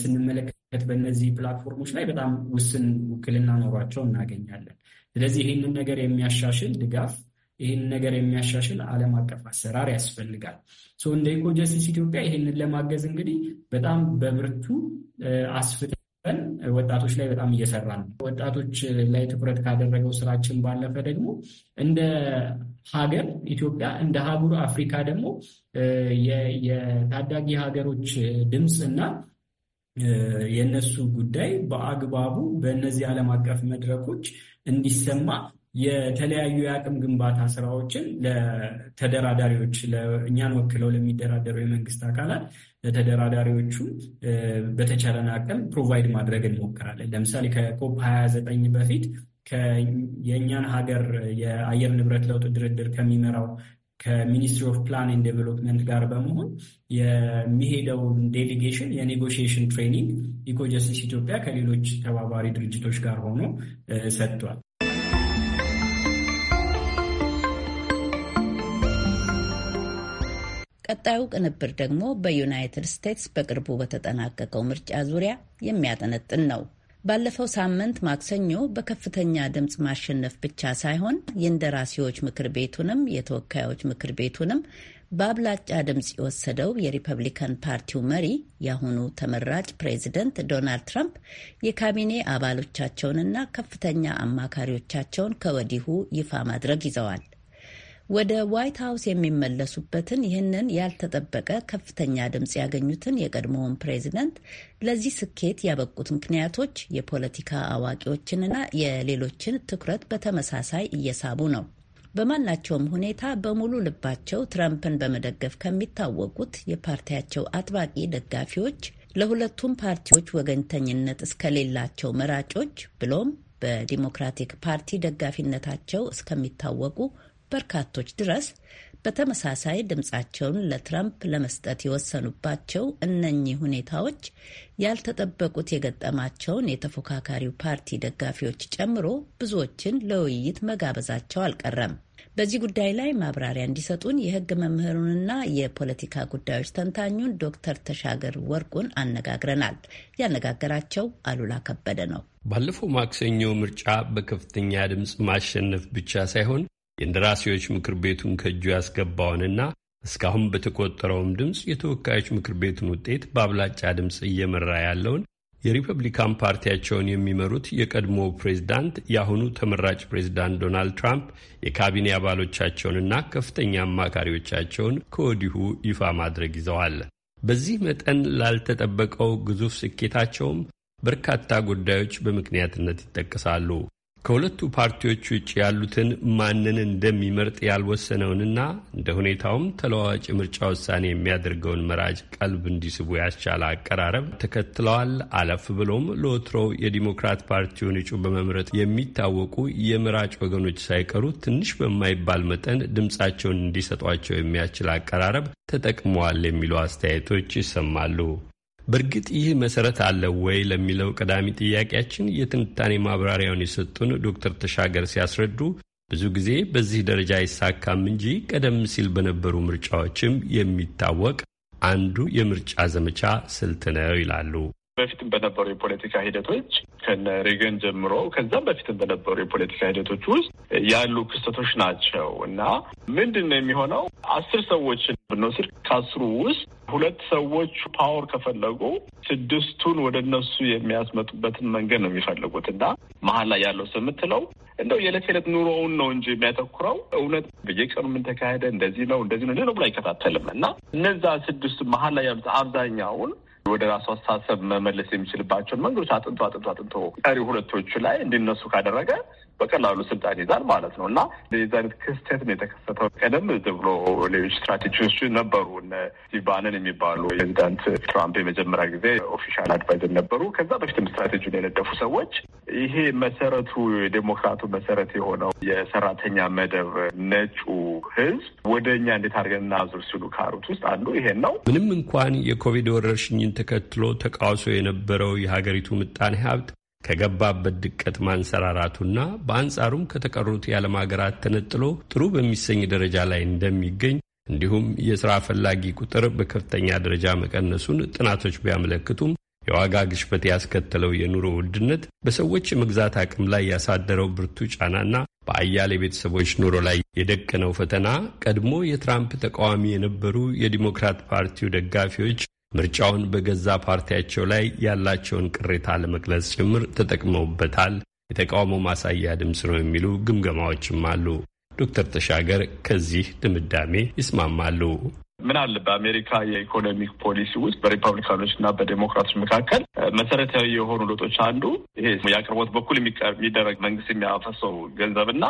Speaker 11: ስንመለከት በእነዚህ ፕላትፎርሞች ላይ በጣም ውስን ውክልና ኖሯቸው እናገኛለን። ስለዚህ ይህንን ነገር የሚያሻሽል ድጋፍ ይህንን ነገር የሚያሻሽል ዓለም አቀፍ አሰራር ያስፈልጋል። እንደ ኢኮጀስቲስ ኢትዮጵያ ይህንን ለማገዝ እንግዲህ በጣም በብርቱ አስፍተን ወጣቶች ላይ በጣም እየሰራ ነው። ወጣቶች ላይ ትኩረት ካደረገው ስራችን ባለፈ ደግሞ እንደ ሀገር ኢትዮጵያ እንደ ሀጉር አፍሪካ ደግሞ የታዳጊ ሀገሮች ድምፅ እና የእነሱ ጉዳይ በአግባቡ በእነዚህ ዓለም አቀፍ መድረኮች እንዲሰማ የተለያዩ የአቅም ግንባታ ስራዎችን ለተደራዳሪዎች እኛን ወክለው ለሚደራደሩ የመንግስት አካላት ለተደራዳሪዎቹ በተቻለን አቅም ፕሮቫይድ ማድረግ እንሞክራለን። ለምሳሌ ከኮፕ 29 በፊት የእኛን ሀገር የአየር ንብረት ለውጥ ድርድር ከሚመራው ከሚኒስትሪ ኦፍ ፕላን ዴቨሎፕመንት ጋር በመሆን የሚሄደውን ዴሊጌሽን የኔጎሽሽን ትሬኒንግ ኢኮጀስቲስ ኢትዮጵያ ከሌሎች ተባባሪ ድርጅቶች ጋር ሆኖ ሰጥቷል።
Speaker 1: ቀጣዩ ቅንብር ደግሞ በዩናይትድ ስቴትስ በቅርቡ በተጠናቀቀው ምርጫ ዙሪያ የሚያጠነጥን ነው። ባለፈው ሳምንት ማክሰኞ በከፍተኛ ድምፅ ማሸነፍ ብቻ ሳይሆን የእንደራሴዎች ምክር ቤቱንም የተወካዮች ምክር ቤቱንም በአብላጫ ድምፅ የወሰደው የሪፐብሊካን ፓርቲው መሪ የአሁኑ ተመራጭ ፕሬዚደንት ዶናልድ ትራምፕ የካቢኔ አባሎቻቸውንና ከፍተኛ አማካሪዎቻቸውን ከወዲሁ ይፋ ማድረግ ይዘዋል። ወደ ዋይት ሀውስ የሚመለሱበትን ይህንን ያልተጠበቀ ከፍተኛ ድምፅ ያገኙትን የቀድሞውን ፕሬዚደንት ለዚህ ስኬት ያበቁት ምክንያቶች የፖለቲካ አዋቂዎችንና የሌሎችን ትኩረት በተመሳሳይ እየሳቡ ነው። በማናቸውም ሁኔታ በሙሉ ልባቸው ትራምፕን በመደገፍ ከሚታወቁት የፓርቲያቸው አጥባቂ ደጋፊዎች ለሁለቱም ፓርቲዎች ወገኝተኝነት እስከሌላቸው መራጮች ብሎም በዲሞክራቲክ ፓርቲ ደጋፊነታቸው እስከሚታወቁ በርካቶች ድረስ በተመሳሳይ ድምፃቸውን ለትራምፕ ለመስጠት የወሰኑባቸው እነኚህ ሁኔታዎች ያልተጠበቁት የገጠማቸውን የተፎካካሪው ፓርቲ ደጋፊዎች ጨምሮ ብዙዎችን ለውይይት መጋበዛቸው አልቀረም። በዚህ ጉዳይ ላይ ማብራሪያ እንዲሰጡን የሕግ መምህሩንና የፖለቲካ ጉዳዮች ተንታኙን ዶክተር ተሻገር ወርቁን አነጋግረናል። ያነጋገራቸው አሉላ ከበደ ነው።
Speaker 6: ባለፈው ማክሰኞ ምርጫ በከፍተኛ ድምፅ ማሸነፍ ብቻ ሳይሆን የእንደራሴዎች ምክር ቤቱን ከእጁ ያስገባውንና እስካሁን በተቆጠረውም ድምፅ የተወካዮች ምክር ቤቱን ውጤት በአብላጫ ድምፅ እየመራ ያለውን የሪፐብሊካን ፓርቲያቸውን የሚመሩት የቀድሞ ፕሬዝዳንት የአሁኑ ተመራጭ ፕሬዝዳንት ዶናልድ ትራምፕ የካቢኔ አባሎቻቸውንና ከፍተኛ አማካሪዎቻቸውን ከወዲሁ ይፋ ማድረግ ይዘዋል። በዚህ መጠን ላልተጠበቀው ግዙፍ ስኬታቸውም በርካታ ጉዳዮች በምክንያትነት ይጠቀሳሉ። ከሁለቱ ፓርቲዎች ውጭ ያሉትን ማንን እንደሚመርጥ ያልወሰነውንና እንደ ሁኔታውም ተለዋዋጭ ምርጫ ውሳኔ የሚያደርገውን መራጭ ቀልብ እንዲስቡ ያስቻለ አቀራረብ ተከትለዋል። አለፍ ብሎም ለወትሮው የዲሞክራት ፓርቲውን እጩ በመምረጥ የሚታወቁ የመራጭ ወገኖች ሳይቀሩ ትንሽ በማይባል መጠን ድምፃቸውን እንዲሰጧቸው የሚያስችል አቀራረብ ተጠቅመዋል የሚሉ አስተያየቶች ይሰማሉ። በእርግጥ ይህ መሰረት አለው ወይ ለሚለው ቀዳሚ ጥያቄያችን የትንታኔ ማብራሪያውን የሰጡን ዶክተር ተሻገር ሲያስረዱ ብዙ ጊዜ በዚህ ደረጃ አይሳካም እንጂ ቀደም ሲል በነበሩ ምርጫዎችም የሚታወቅ አንዱ የምርጫ ዘመቻ ስልት ነው ይላሉ።
Speaker 4: በፊትም በነበሩ የፖለቲካ ሂደቶች ከነ ሬገን ጀምሮ ከዛም በፊትም በነበሩ የፖለቲካ ሂደቶች ውስጥ ያሉ ክስተቶች ናቸው እና ምንድን ነው የሚሆነው? አስር ሰዎችን ብንወስድ ከአስሩ ውስጥ ሁለት ሰዎች ፓወር ከፈለጉ ስድስቱን ወደ እነሱ የሚያስመጡበትን መንገድ ነው የሚፈልጉት እና መሀል ላይ ያለው ሰው የምትለው እንደው የዕለት ዕለት ኑሮውን ነው እንጂ የሚያተኩረው እውነት በየቀኑ ምን ተካሄደ፣ እንደዚህ ነው እንደዚህ ነው ብሎ አይከታተልም እና እነዛ ስድስቱ መሀል ላይ ያሉት አብዛኛውን ወደ ራሱ አስተሳሰብ መመለስ የሚችልባቸውን መንገዶች አጥንቶ አጥንቶ አጥንቶ ቀሪ ሁለቶቹ ላይ እንዲነሱ ካደረገ በቀላሉ ስልጣን ይዛል ማለት ነው እና እንደዚህ አይነት ክስተት ነው የተከሰተው። ቀደም ብሎ ሌሎች ስትራቴጂዎች ነበሩ። ስቲቭ ባነን የሚባሉ ፕሬዚዳንት ትራምፕ የመጀመሪያ ጊዜ ኦፊሻል አድቫይዘር ነበሩ። ከዛ በፊትም ስትራቴጂውን የነደፉ ሰዎች ይሄ መሰረቱ የዴሞክራቱ መሰረት የሆነው የሰራተኛ መደብ ነጩ ህዝብ ወደ እኛ እንዴት አድርገን እናዙር ሲሉ ካሩት ውስጥ አንዱ ይሄን ነው።
Speaker 6: ምንም እንኳን የኮቪድ ወረርሽኝን ተከትሎ ተቃውሶ የነበረው የሀገሪቱ ምጣኔ ሀብት ከገባበት ድቀት ማንሰራራቱና በአንጻሩም ከተቀሩት የዓለም ሀገራት ተነጥሎ ጥሩ በሚሰኝ ደረጃ ላይ እንደሚገኝ እንዲሁም የሥራ ፈላጊ ቁጥር በከፍተኛ ደረጃ መቀነሱን ጥናቶች ቢያመለክቱም የዋጋ ግሽበት ያስከተለው የኑሮ ውድነት በሰዎች የመግዛት አቅም ላይ ያሳደረው ብርቱ ጫናና በአያሌ ቤተሰቦች ኑሮ ላይ የደቀነው ፈተና ቀድሞ የትራምፕ ተቃዋሚ የነበሩ የዲሞክራት ፓርቲው ደጋፊዎች ምርጫውን በገዛ ፓርቲያቸው ላይ ያላቸውን ቅሬታ ለመግለጽ ጭምር ተጠቅመውበታል፣ የተቃውሞ ማሳያ ድምፅ ነው የሚሉ ግምገማዎችም አሉ። ዶክተር ተሻገር ከዚህ ድምዳሜ ይስማማሉ።
Speaker 4: ምን አለ በአሜሪካ የኢኮኖሚክ ፖሊሲ ውስጥ በሪፐብሊካኖች እና በዴሞክራቶች መካከል መሰረታዊ የሆኑ ለውጦች አንዱ ይሄ የአቅርቦት በኩል የሚደረግ መንግስት የሚያፈሰው ገንዘብ እና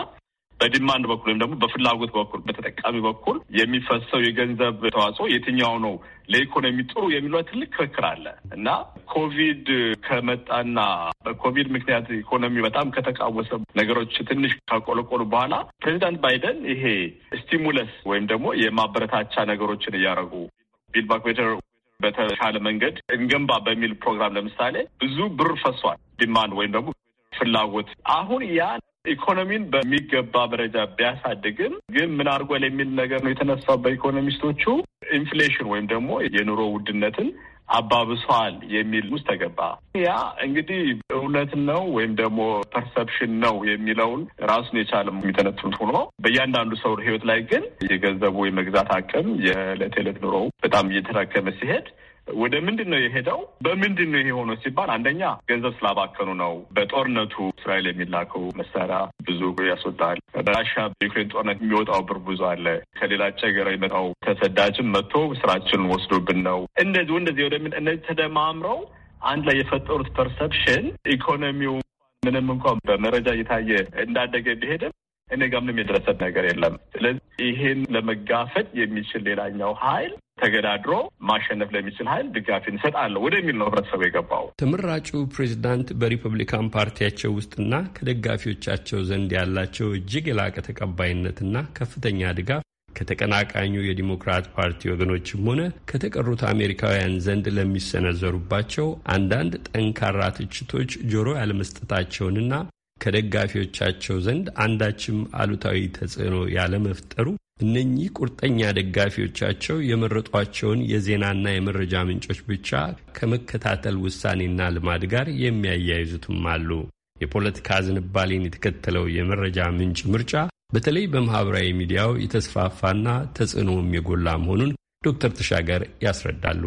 Speaker 4: በዲማንድ በኩል ወይም ደግሞ በፍላጎት በኩል በተጠቃሚ በኩል የሚፈሰው የገንዘብ ተዋጽኦ የትኛው ነው ለኢኮኖሚ ጥሩ የሚለው ትልቅ ክርክር አለ እና ኮቪድ ከመጣና በኮቪድ ምክንያት ኢኮኖሚ በጣም ከተቃወሰ ነገሮች ትንሽ ካቆለቆሉ በኋላ ፕሬዚዳንት ባይደን ይሄ ስቲሙለስ ወይም ደግሞ የማበረታቻ ነገሮችን እያደረጉ ቢልድ ባክ ቤተር በተሻለ መንገድ እንገንባ በሚል ፕሮግራም ለምሳሌ ብዙ ብር ፈሷል። ዲማንድ ወይም ደግሞ ፍላጎት አሁን ያ ኢኮኖሚን በሚገባ ደረጃ ቢያሳድግም ግን ምን አድርጓል የሚል ነገር ነው የተነሳው በኢኮኖሚስቶቹ። ኢንፍሌሽን ወይም ደግሞ የኑሮ ውድነትን አባብሷል የሚል ውስጥ ተገባ። ያ እንግዲህ እውነት ነው ወይም ደግሞ ፐርሰፕሽን ነው የሚለውን ራሱን የቻለ የሚተነትኑት ሆኖ በእያንዳንዱ ሰው ህይወት ላይ ግን የገንዘቡ የመግዛት አቅም የዕለት ዕለት ኑሮው በጣም እየተራከመ ሲሄድ ወደ ምንድን ነው የሄደው? በምንድን ነው ይሄ ሆኖ ሲባል አንደኛ ገንዘብ ስላባከኑ ነው። በጦርነቱ እስራኤል የሚላከው መሳሪያ ብዙ ያስወጣል። በራሻ በዩክሬን ጦርነት የሚወጣው ብር ብዙ አለ። ከሌላ ጨገራ የመጣው ተሰዳጅም መጥቶ ስራችንን ወስዶብን ነው። እንደዚህ እንደዚህ ወደ እነዚህ ተደማምረው አንድ ላይ የፈጠሩት ፐርሰፕሽን ኢኮኖሚው ምንም እንኳን በመረጃ እየታየ እንዳደገ ቢሄድም እኔ ጋ ምንም የደረሰ ነገር የለም። ስለዚህ ይሄን ለመጋፈጥ የሚችል ሌላኛው ኃይል ተገዳድሮ ማሸነፍ ለሚችል ኃይል ድጋፍ እንሰጣለሁ ወደሚል ነው ህብረተሰቡ የገባው።
Speaker 6: ተመራጩ ፕሬዚዳንት በሪፐብሊካን ፓርቲያቸው ውስጥና ከደጋፊዎቻቸው ዘንድ ያላቸው እጅግ የላቀ ተቀባይነትና ከፍተኛ ድጋፍ ከተቀናቃኙ የዲሞክራት ፓርቲ ወገኖችም ሆነ ከተቀሩት አሜሪካውያን ዘንድ ለሚሰነዘሩባቸው አንዳንድ ጠንካራ ትችቶች ጆሮ ያለመስጠታቸውንና ከደጋፊዎቻቸው ዘንድ አንዳችም አሉታዊ ተጽዕኖ ያለመፍጠሩ እነኚህ ቁርጠኛ ደጋፊዎቻቸው የመረጧቸውን የዜናና የመረጃ ምንጮች ብቻ ከመከታተል ውሳኔና ልማድ ጋር የሚያያይዙትም አሉ። የፖለቲካ ዝንባሌን የተከተለው የመረጃ ምንጭ ምርጫ በተለይ በማኅበራዊ ሚዲያው የተስፋፋና ተጽዕኖም የጎላ መሆኑን ዶክተር ተሻገር ያስረዳሉ።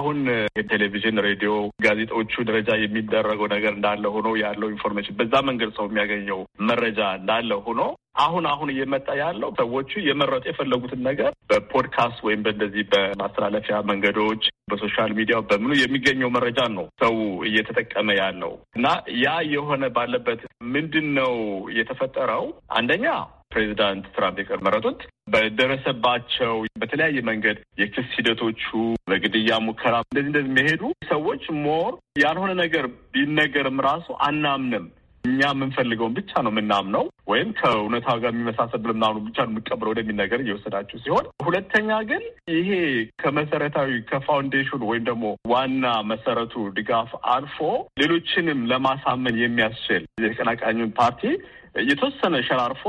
Speaker 4: አሁን የቴሌቪዥን ሬዲዮ፣ ጋዜጦቹ ደረጃ የሚደረገው ነገር እንዳለ ሆኖ ያለው ኢንፎርሜሽን በዛ መንገድ ሰው የሚያገኘው መረጃ እንዳለ ሆኖ አሁን አሁን እየመጣ ያለው ሰዎቹ የመረጡ የፈለጉትን ነገር በፖድካስት ወይም በእንደዚህ በማስተላለፊያ መንገዶች በሶሻል ሚዲያ በምኑ የሚገኘው መረጃ ነው ሰው እየተጠቀመ ያለው እና ያ የሆነ ባለበት ምንድን ነው የተፈጠረው አንደኛ ፕሬዚዳንት ትራምፕ የመረጡት በደረሰባቸው በተለያየ መንገድ የክስ ሂደቶቹ በግድያ ሙከራ እንደዚህ እንደዚህ የሚሄዱ ሰዎች ሞር ያልሆነ ነገር ቢነገርም ራሱ አናምንም እኛ የምንፈልገውን ብቻ ነው የምናምነው ወይም ከእውነታ ጋር የሚመሳሰል ብለምናምኑ ብቻ ነው የምንቀብለው ወደሚል ነገር እየወሰዳችሁ ሲሆን፣ ሁለተኛ ግን ይሄ ከመሰረታዊ ከፋውንዴሽኑ ወይም ደግሞ ዋና መሰረቱ ድጋፍ አልፎ ሌሎችንም ለማሳመን የሚያስችል የተቀናቃኙን ፓርቲ የተወሰነ ሸራርፎ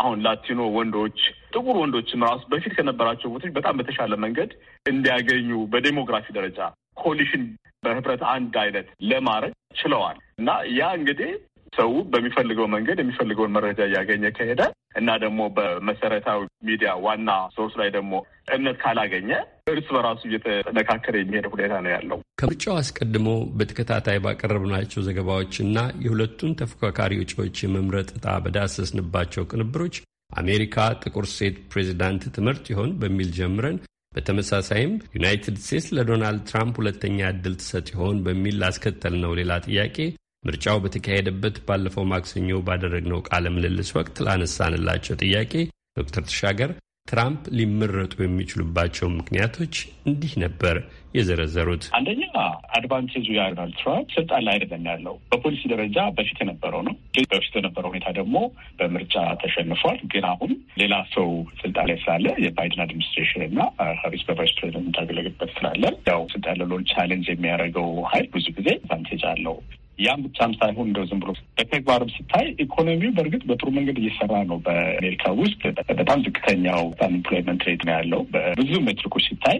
Speaker 4: አሁን ላቲኖ ወንዶች ጥቁር ወንዶችም ራሱ በፊት ከነበራቸው ቦታዎች በጣም በተሻለ መንገድ እንዲያገኙ በዴሞግራፊ ደረጃ ኮሊሽን በህብረት አንድ አይነት ለማድረግ ችለዋል እና ያ እንግዲህ ሰው በሚፈልገው መንገድ የሚፈልገውን መረጃ እያገኘ ከሄደ እና ደግሞ በመሰረታዊ ሚዲያ ዋና ሶርስ ላይ ደግሞ እምነት ካላገኘ እርስ በራሱ እየተነካከለ የሚሄድ ሁኔታ ነው ያለው።
Speaker 6: ከምርጫው አስቀድሞ በተከታታይ ባቀረብናቸው ዘገባዎች እና የሁለቱን ተፎካካሪ ውጪዎች የመምረጥ እጣ በዳሰስንባቸው ቅንብሮች አሜሪካ ጥቁር ሴት ፕሬዚዳንት ትምህርት ይሆን በሚል ጀምረን በተመሳሳይም ዩናይትድ ስቴትስ ለዶናልድ ትራምፕ ሁለተኛ እድል ትሰጥ ይሆን በሚል ላስከተል ነው ሌላ ጥያቄ ምርጫው በተካሄደበት ባለፈው ማክሰኞ ባደረግነው ቃለ ምልልስ ወቅት ላነሳንላቸው ጥያቄ ዶክተር ተሻገር ትራምፕ ሊመረጡ የሚችሉባቸው ምክንያቶች እንዲህ ነበር የዘረዘሩት። አንደኛ አድቫንቴጁ ያናል ትራምፕ ስልጣን ላይ አይደለም ያለው፣ በፖሊሲ ደረጃ በፊት
Speaker 4: የነበረው ነው። በፊት የነበረው ሁኔታ ደግሞ በምርጫ ተሸንፏል። ግን አሁን ሌላ ሰው ስልጣን ላይ ስላለ የባይደን አድሚኒስትሬሽን እና ሀሪስ በቫይስ ፕሬዚደንት ታገለግበት ስላለ ያው ስልጣን ያለውን ቻሌንጅ የሚያደርገው ሀይል ብዙ ጊዜ አድቫንቴጅ አለው። ያም ብቻም ሳይሆን እንደው ዝም ብሎ በተግባርም ስታይ ኢኮኖሚው በእርግጥ በጥሩ መንገድ እየሰራ ነው። በአሜሪካ ውስጥ በጣም ዝቅተኛው አንኤምፕሎይመንት ሬት ነው ያለው በብዙ ሜትሪኮች ሲታይ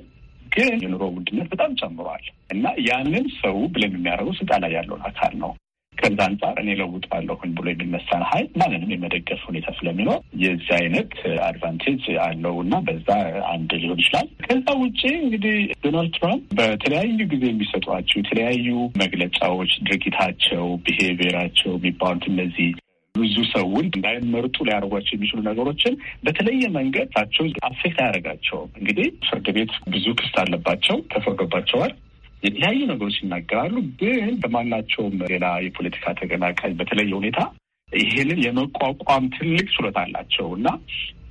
Speaker 4: ግን የኑሮ ውድነት በጣም ጨምሯል እና ያንን ሰው ብለን የሚያደርገው ስልጣን ላይ ያለውን አካል ነው። ከዛ አንጻር እኔ ለውጣለሁኝ ብሎ የሚነሳን ሀይል ማንንም የመደገፍ ሁኔታ ስለሚኖር የዚህ አይነት አድቫንቴጅ አለው እና በዛ አንድ ሊሆን ይችላል። ከዛ ውጭ እንግዲህ ዶናልድ ትራምፕ በተለያዩ ጊዜ የሚሰጧቸው የተለያዩ መግለጫዎች፣ ድርጊታቸው፣ ብሄቤራቸው የሚባሉት እነዚህ ብዙ ሰውን እንዳይመርጡ ሊያደርጓቸው የሚችሉ ነገሮችን በተለየ መንገድ ታቸው አፌክት አያደርጋቸውም። እንግዲህ ፍርድ ቤት ብዙ ክስት አለባቸው፣ ተፈርዶባቸዋል። የተለያዩ ነገሮች ይናገራሉ። ግን በማናቸውም ሌላ የፖለቲካ ተቀናቃኝ በተለየ ሁኔታ ይህንን የመቋቋም ትልቅ ችሎታ አላቸው እና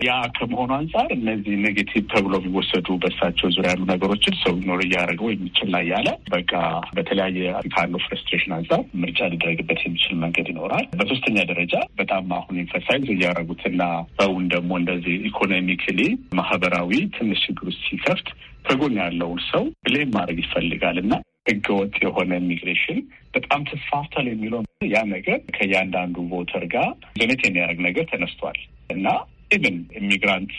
Speaker 4: ያ ከመሆኑ አንጻር እነዚህ ኔጌቲቭ ተብሎ የሚወሰዱ በሳቸው ዙሪያ ያሉ ነገሮችን ሰው ኖር እያደረገው የሚችል ላይ ያለ በቃ በተለያየ ካለው ፍረስትሬሽን አንጻር ምርጫ ሊደረግበት የሚችል መንገድ ይኖራል። በሶስተኛ ደረጃ በጣም አሁን ኢንፈሳይዝ እያደረጉትና በውን ደግሞ እንደዚህ ኢኮኖሚክሊ ማህበራዊ ትንሽ ችግር ውስጥ ሲከፍት ከጎን ያለውን ሰው ብሌም ማድረግ ይፈልጋል እና ህገወጥ የሆነ ኢሚግሬሽን በጣም ተስፋፍቷል የሚለው ያ ነገር ከእያንዳንዱ ቮተር ጋር ዘኔት የሚያደርግ ነገር ተነስቷል እና ኢቨን ኢሚግራንት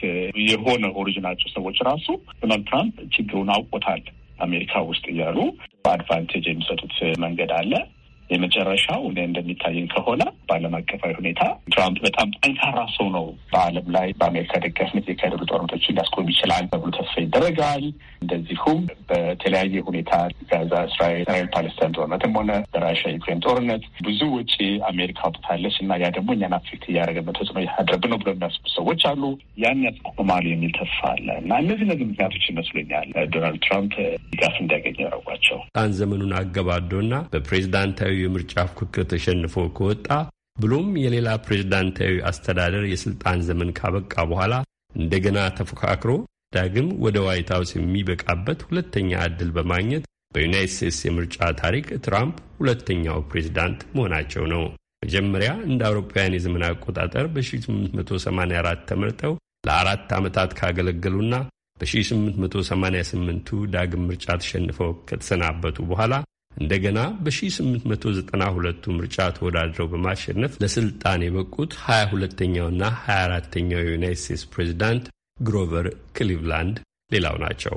Speaker 4: የሆነ ኦሪጂናቸው ሰዎች ራሱ ዶናልድ ትራምፕ ችግሩን አውቆታል አሜሪካ ውስጥ እያሉ በአድቫንቴጅ የሚሰጡት መንገድ አለ። የመጨረሻው እንደሚታየኝ ከሆነ በዓለም አቀፋዊ ሁኔታ ትራምፕ በጣም ጠንካራ ሰው ነው። በዓለም ላይ በአሜሪካ ደጋፊነት የካሄዱ ጦርነቶችን ሊያስቆም ይችላል ተብሎ ተስፋ ይደረጋል። እንደዚሁም በተለያየ ሁኔታ ጋዛ፣ እስራኤል እስራኤል ፓለስታይን ጦርነትም ሆነ በራሻ ዩክሬን ጦርነት ብዙ ውጪ አሜሪካ አውጥታለች እና ያ ደግሞ እኛን አፌክት እያደረገ ተጽዕኖ ያደረብ ነው ብሎ የሚያስቡ ሰዎች አሉ። ያን ያቆማሉ የሚል ተስፋ አለ እና እነዚህ እነዚህ ምክንያቶች ይመስሉኛል ዶናልድ ትራምፕ ድጋፍ እንዲያገኝ
Speaker 6: ያረጓቸው ጣን ዘመኑን አገባዶ እና በፕሬዚዳንታዊ ጊዜያዊ የምርጫ ፉክክር ተሸንፎ ከወጣ ብሎም የሌላ ፕሬዝዳንታዊ አስተዳደር የስልጣን ዘመን ካበቃ በኋላ እንደገና ተፎካክሮ ዳግም ወደ ዋይት ሀውስ የሚበቃበት ሁለተኛ ዕድል በማግኘት በዩናይት ስቴትስ የምርጫ ታሪክ ትራምፕ ሁለተኛው ፕሬዝዳንት መሆናቸው ነው። መጀመሪያ እንደ አውሮፓውያን የዘመን አቆጣጠር በ1884 ተመርጠው ለአራት ዓመታት ካገለገሉና በ1888ቱ ዳግም ምርጫ ተሸንፈው ከተሰናበቱ በኋላ እንደገና በ1892ቱ ምርጫ ተወዳድረው በማሸነፍ ለስልጣን የበቁት 22ተኛውና 24ተኛው የዩናይት ስቴትስ ፕሬዚዳንት ግሮቨር ክሊቭላንድ ሌላው ናቸው።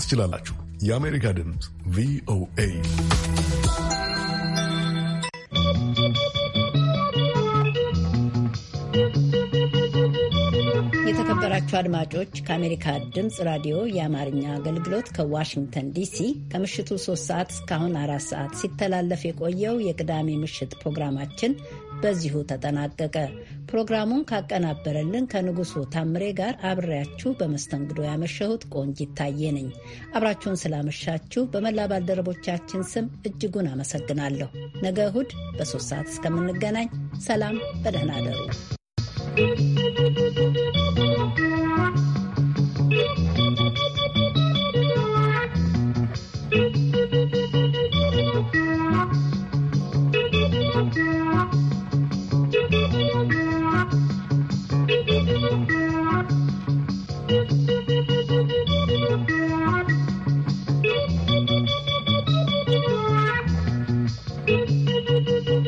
Speaker 12: መከታተል ትችላላችሁ። የአሜሪካ ድምፅ ቪኦኤ
Speaker 1: የተከበራችሁ አድማጮች ከአሜሪካ ድምፅ ራዲዮ የአማርኛ አገልግሎት ከዋሽንግተን ዲሲ ከምሽቱ 3 ሰዓት እስካሁን አራት ሰዓት ሲተላለፍ የቆየው የቅዳሜ ምሽት ፕሮግራማችን በዚሁ ተጠናቀቀ። ፕሮግራሙን ካቀናበረልን ከንጉሱ ታምሬ ጋር አብሬያችሁ በመስተንግዶ ያመሸሁት ቆንጅ ታዬ ነኝ። አብራችሁን ስላመሻችሁ በመላ ባልደረቦቻችን ስም እጅጉን አመሰግናለሁ። ነገ እሁድ በሶስት ሰዓት እስከምንገናኝ ሰላም፣ በደህና አደሩ።